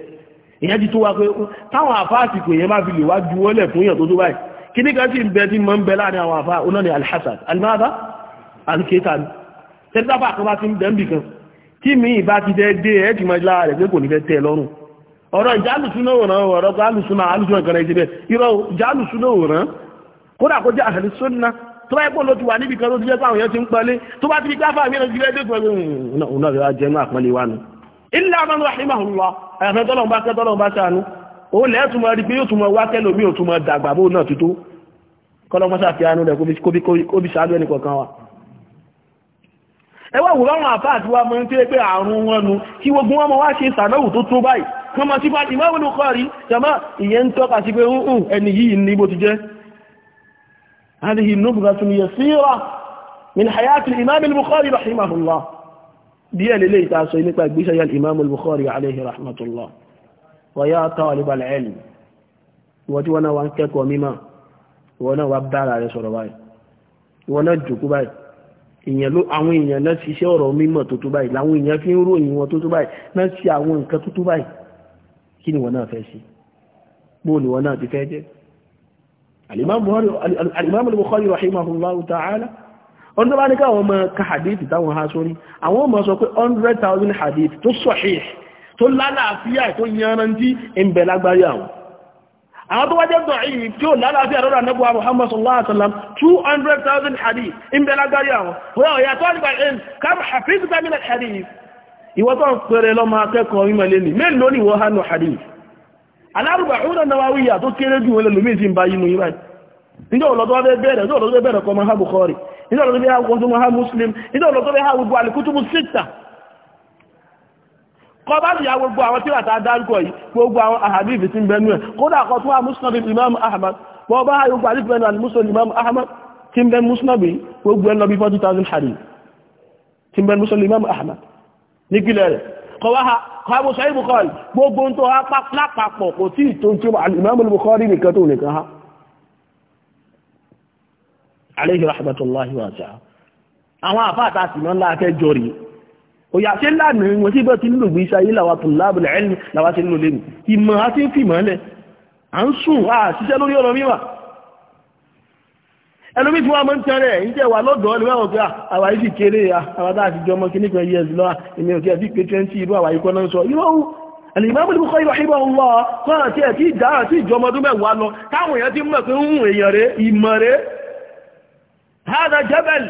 ìyẹn ti tó wá pé táwọn àfáà ti pè yẹn bá fi lè wá ju wọ́lẹ̀ fún yàn tó tó báyìí kí ní kan sì ń bẹ tí mọ́ ń bẹ láàrin àwọn àfáà oná ni alhassan alimada alketa ni tẹ́tàfà kan bá ti ń bẹ ń bì kan tí mi ìbá ti dẹ́ dé ẹ́ ti mọ́ lára rẹ̀ pé kò ní fẹ́ tẹ́ lọ́rùn ọ̀rọ̀ ìjálùsúná òràn ọ̀rọ̀ alùsúná alùsúná ìkànnà ìdíbẹ̀ irọ́ ìjálùsúná òràn kódà kó jẹ́ àṣàlẹ̀ sódínà tó bá ẹ̀pọ̀ ló ti wà níbi kan ló ti jẹ́ pé àwọn èèyàn ti ń pẹ́lẹ́ tó bá ti fi káfà mí lọ́jọ́ ẹ̀dẹ́ tó ń náà yóò jẹ́ inú àpọ́nlé wa nù. ilé amánú rahimahullah àyàfẹ́ tọ́lọ̀ bá kẹ́ tọ́lọ̀ bá sànú ó lẹ́ẹ̀ tún máa rí pé yóò tún máa wá kẹ́lò mí ò tún máa dàgbà bó náà tuntun kọ́lọ́ mọ́sá fi àánú rẹ̀ kó bí sàánú ẹnì kọ̀ọ̀kan wa. ẹ wá kan ma sípa Imam Bukhari jama ìyẹn tọ́ka sí pé hùn ẹni yìí ní bó ti jẹ́ هذه من حياة الإمام البخاري رحمه الله دي للي تأسيني تكبيش الإمام البخاري عليه رحمة الله ويا طالب العلم وجوانا وانكك ومما وانا وابدال على سرباي وانا جكوباي ìyẹn ló àwọn èèyàn náà ṣiṣẹ́ ọ̀rọ̀ mímọ̀ tó tó báyìí láwọn èèyàn fi ń ròyìn wọn tó tó báyìí náà àwọn nǹkan tó tó báyìí kí ni wọn náà fẹ́ ṣe bó ni wọn náà ti fẹ́ jẹ́ alimami bukhari rahimahullahu ta'ala ọdún bá ní káwọn ọmọ ka hadith táwọn ha sórí àwọn ọmọ sọ pé 100,000 hadith tó sahih tó lálàáfíà tó yanrantí ń bẹ lágbárí àwọn àwọn tó wájẹ́ da'if tí ó lálàáfíà lọ́rọ̀ anábúwa muhammad sallallahu alaihi wasallam 200,000 hadith ìwọ tó ń pẹ̀rẹ̀ lọ́mọ akẹ́kọ̀ọ́ mímọ̀ lé ní mélòó ní wọ́n hánú hadith alárùbà ọ̀rọ̀ Nawawiyyah tó kéré jù wọn lẹ́lòmí sí ń bá yínú yíwáyì níjọ́ ọ̀lọ́tọ́ bẹ́ bẹ̀rẹ̀ níjọ́ ọ̀lọ́tọ́ bẹ̀rẹ̀ kọ́ maha Bukhari níjọ́ ọ̀lọ́tọ́ bẹ́ ha kọ́ maha Muslim níjọ́ ọ̀lọ́tọ́ bẹ́ ha gbogbo alikutubu sitta kọ bá sì ya gbogbo àwọn tí wàtá dárúkọ yìí gbogbo àwọn ahadith ti ń bẹnu ẹ̀ kódà kọ tún wà Musnad Imam Imam Ahmad nípìnlẹ̀ rẹ̀ kọwáha kọwàbó sọ ibùkọ́l gbogbo tó ha lápapọ̀ kò tí tó tí Imam al-Bukhari nìkan tó nìkan ha alayhi rahmatullahi wa ta'ala àwọn àfáàtà sì mọ́ láàkẹ́ jọrì òyà ṣe lánà wọn sí bẹ́ ti nílò gbé iṣẹ́ ìlàwà tó lábùl ilmi ẹlòmí tí wọ́n mọ́ ń tẹ́rẹ̀ ń jẹ́ wà ni wọ́n fẹ́ ah, àwà yìí sì kéré ya àwọn tá a ti jọ ọmọ kíní kan yíyẹ lọ́wọ́ èmi ò tí ẹ̀ sí pé twenty irú àwà yìí kọ́ náà ń sọ irú ọ̀hún Al-Imam Al-Bukhari rahimahullah kọ́ àti ẹ̀ tí ìdá àti ìjọmọ ọdún mẹ́wàá lọ táwọn èèyàn ti mọ̀ pé ń hùn èèyàn rẹ̀ ìmọ̀ rẹ̀ hada jabal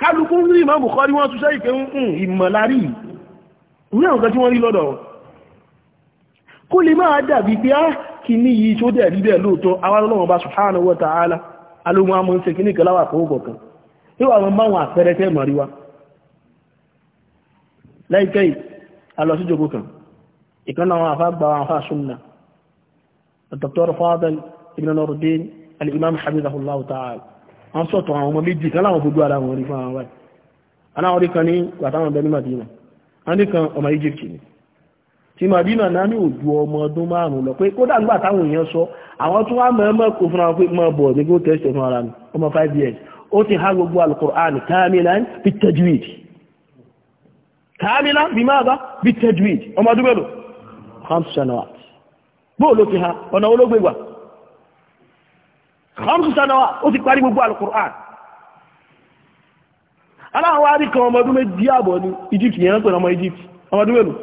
kálukú ní Imam Bukhari wọ́n túnṣẹ́ ìpé ń hùn ìmọ̀ lárí ìwé àwọn kan tí wọ́n rí lọ́dọ̀ kó lè máa dàbí pé á ah, kíní yìí tó dẹ̀ rí bẹ́ẹ̀ lóòótọ́ àwọn ọlọ́run bá subhanahu wa ta'ala alóhun amọ́ ń ṣe kíní kan láwà fọwọ́ kọ̀ọ̀kan níwà wọn bá wọn àpẹẹrẹ tẹ́ mọ̀rí wa láìpẹ́ yìí alọ sí jòkó kan ìkan àwọn àfágbà àwọn àfá súnmà Dr. Fadl ibn Madina wọ́n rí kan tí Madina náà ní òjú ọmọ ọdún márùn-ún lọ pé kódà táwọn èèyàn sọ àwọn tún wá mọ̀ ẹ́ mọ̀ fúnra wọn pé bọ̀ ní kó tẹ̀sítẹ̀ ara mi ọmọ five years ó ti há gbogbo bí bí bá bí ọmọ ọdún ha ọ̀nà ó ti gbogbo alukur'an aláwọ̀ arí ọmọ ọdún méjì àbọ̀ ní Egypt yẹn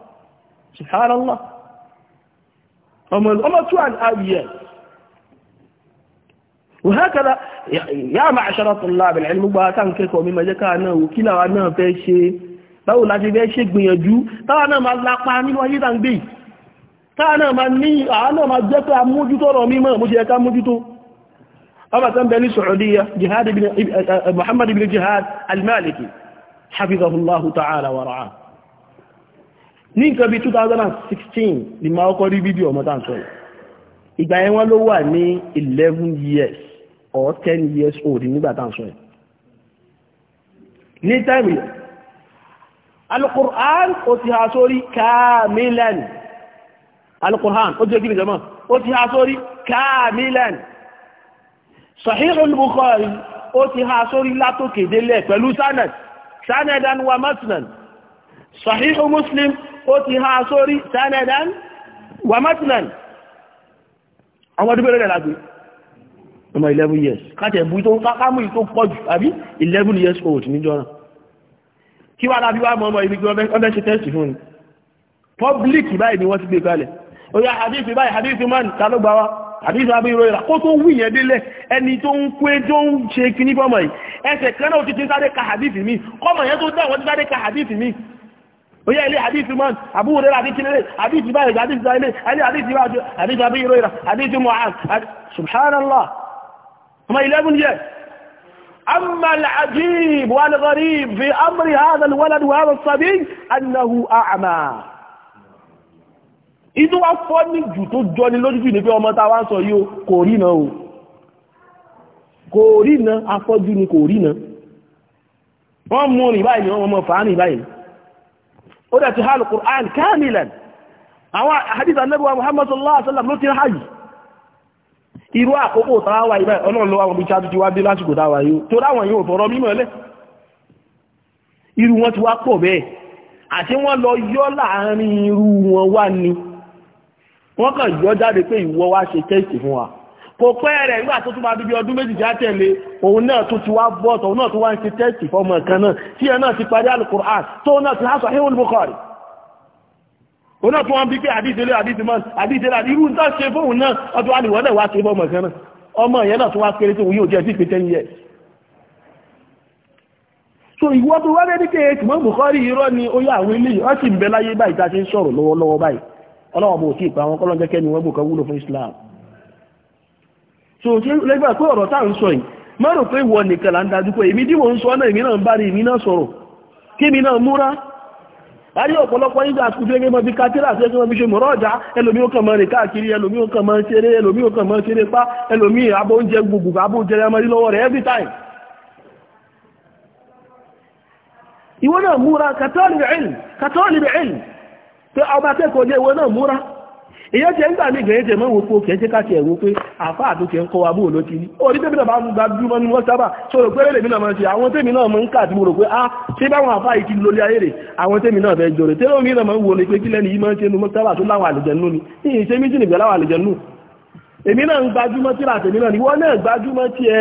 سبحان الله أما الأمر تو الآبيات وهكذا يا معشر الطلاب العلم بها كان كيكو مما جكانا وكلا وانا فيشي لو لا تبيع شيء بيجو تانا ما لاقاني وايد عن بي تانا ما ني انا ما جاك اموجو تو رمي ما مو تو اما كان بني سعودية جهاد بن محمد بن جهاد المالكي حفظه الله تعالى ورعاه ní nǹkan bí 2016 ni máa kọ́kọ́ rí fídíò ọmọ tá à ń sọ yìí ìgbà yẹn wọ́n ló wà ní 11 years or 10 years old nígbà tá à ń sọ yìí ní táìmì alukur'an ó ti ha sórí kamilan alukur'an ó jẹ́ kí ni ó ti ha sórí kamilan sahihul bukhari ó ti ha sórí látòkèdélẹ̀ pẹ̀lú sanad sanadan wa matnan sahihu muslim ó ti ha sórí sanadan wa matnan àwọn ọdún bẹ̀rẹ̀ lágbé ọmọ 11 years káàkiri ẹ̀bù tó ń kákámù tó pọ̀jù àbí 11 years old níjọ́ náà kí wá lábí wá mọ́ ọmọ ibi ọbẹ̀ ṣe tẹ́sì fún ni public báyìí ni wọ́n ti gbé kalẹ̀ oya hadithi báyìí hadithi man talógbà wá hadithi abin ròyìnrà kó tó wù yẹn délẹ̀ ẹni tó ń pé tó ń ṣe kíní fọ́mọ̀ yìí ẹsẹ̀ kan náà ti ti sáré ka hadithi mi kọ́mọ̀ yẹn tó dáwọn ti sáré ka hadithi mi oyá ilé àdíjì mọ́n àbúrò rẹ̀ àdíjì lẹ́lẹ́ àdíjì báyìí àdíjì ilé ẹni àdíjì bá àdíjì àbí ìrọ̀ ìrọ̀ àdíjì mọ̀án subhanallah ọmọ 11 years أما العجيب والغريب في أمر هذا الولد وهذا الصبي أنه أعمى ìdí wá fọ́ ní jù tó jọ ní lójú ní pé ọmọ ta wá ń sọ yóò kò rí náà o kò rí náà ni kò rí náà wọ́n mú rìn báyìí wọ́n mọ̀ fàá rìn O dẹ̀ ti hálù Qur'an kamilan àwọn hadith Ànábì wa Muhammad sallallahu alaihi ha ló Iru irú àkókò tàwà ibẹ̀ ọlọ́run lọ́wọ́ bí chájú ti wá dé lásìkò tàwà yóò tó ráwọn yóò tọrọ mímọ̀ ẹlẹ́ irú wọn ti wá pọ̀ bẹ́ẹ̀ àti wọ́n lọ yọ́ láàrin irú wọn wá ni wọ́n kàn yọ́ jáde pé wá ṣe kò pẹ́ rẹ̀ nígbà tó tún máa bíbi ọdún méjì já tẹ̀lé òun náà tó ti wá bọ́ọ̀tọ̀ òun náà tó wá ń ṣe tẹ́sì fọmọ kan náà tí ẹ náà ti parí alukur'an tó náà ti hásọ̀ hẹ́wọ̀n Bukhari òun náà tó wọ́n bí pé àdíjẹ́lẹ́ àdíjẹ́mọ́ àdíjẹ́lẹ́ irú ń tán ṣe fóun náà ọdún àníwọ̀ náà wá ṣe fọmọ kan náà ọmọ ìyẹn náà tó wá kéré tí òun yóò jẹ́ sí pé ten years so ìwọ tó wá lẹ́dí kéè tí mọ́ Bukhari irọ́ ni ó yá àwọn ilé wọ́n sì ń bẹ láyé báyìí tá a ṣe ń sọ̀rọ̀ lọ́wọ́lọ́wọ́ báyìí ọlọ́wọ́ bò sí ìpa wọn kọ́lọ́ jẹ́ kẹ́ni so ṣe lẹ́gbà pé ọ̀rọ̀ tá ń sọ yìí má rò pé wọ nìkan là ń dájú pé èmi díwò ń sọ náà èmi náà ń bá rí èmi náà sọ̀rọ̀ kí èmi náà múra ayé ọ̀pọ̀lọpọ̀ nígbà àtúnṣe gẹ́gẹ́ mọ́ bí kátírà sí ẹgbẹ́ bí ṣe mọ̀rọ̀ ọjà ẹlòmí ó kàn mọ́ rìn káàkiri ẹlòmí ó kàn mọ́ ṣeré ẹlòmí ó mọ́ ṣeré pa ẹlòmí abó oúnjẹ gbogbo abó oúnjẹ ẹmọ rí lọ́wọ́ rẹ̀ ìyẹn tiẹ̀ ń gbà ní ìgbẹ̀yẹ́ tiẹ̀ mọ́wọ́ pé kẹ́ẹ́ jẹ́ káàkiri ẹ̀wọ́ pé àfa àti tiẹ̀ ń kọ́ wa bó ló ti rí orí tẹ́mi náà bá ń gba dúró ní wọ́n sábà sọ̀rọ̀ pé lèmi náà máa ń ṣe àwọn tẹ́mi náà máa ń kà tí mo rò pé ah ṣé báwọn àfa yìí ti lórí ayé rè àwọn tẹ́mi náà fẹ́ jọrè tẹ́lẹ̀ mi náà máa ń wo ni pé kílẹ̀ ni yìí máa ń ṣe nu mọ́sábà tó láwọn àlùjẹ̀nu ni ìyìn ṣe méjì nìgbẹ́ láwọn àlùjẹ̀nu èmi náà ń gbajúmọ̀ tíra tèmi náà ni wọ́n náà gbajúmọ̀ tiẹ̀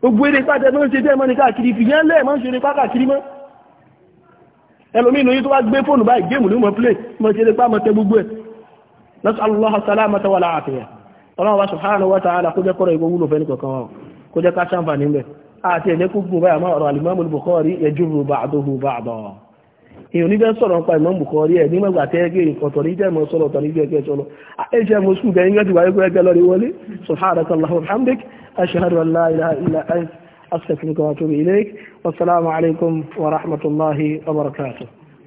gbogbo eré pàtẹ tó ń ṣe dẹ́mọ́ ní káàkiri fi yẹn lẹ́ẹ̀mọ́ ń ṣe eré pàkàkiri mọ́ ẹlòmínú yìí tó wá gbé fóònù báyìí géèmù ló mọ̀ play mọ̀ ṣe eré pàmọ́tẹ gbogbo ẹ̀ نسأل الله سلامة والعافية ọlọ́run wa subhanahu wa ta'ala kó jẹ́ kọ́rọ̀ ìgbó wúlò fẹ́ ní kọ̀kan wọn kó jẹ́ ká ṣàǹfà ní mẹ́ àti ẹ̀jẹ́ kó gùn báyà máa ọ̀rọ̀ alìmọ́mù Bukhari yajurru ba'duhu ba'dahu èèyàn níbẹ̀ sọ̀rọ̀ nípa Imam Bukhari ẹ̀ nígbàgbà tẹ́gẹ́ ìkọ̀tọ̀rí jẹ́ mọ́ sọ̀rọ̀ tọ̀rí jẹ́ kẹ́ sọ̀rọ̀ ẹ̀ṣẹ́ mo sùn bẹ́ẹ̀ nígbàtí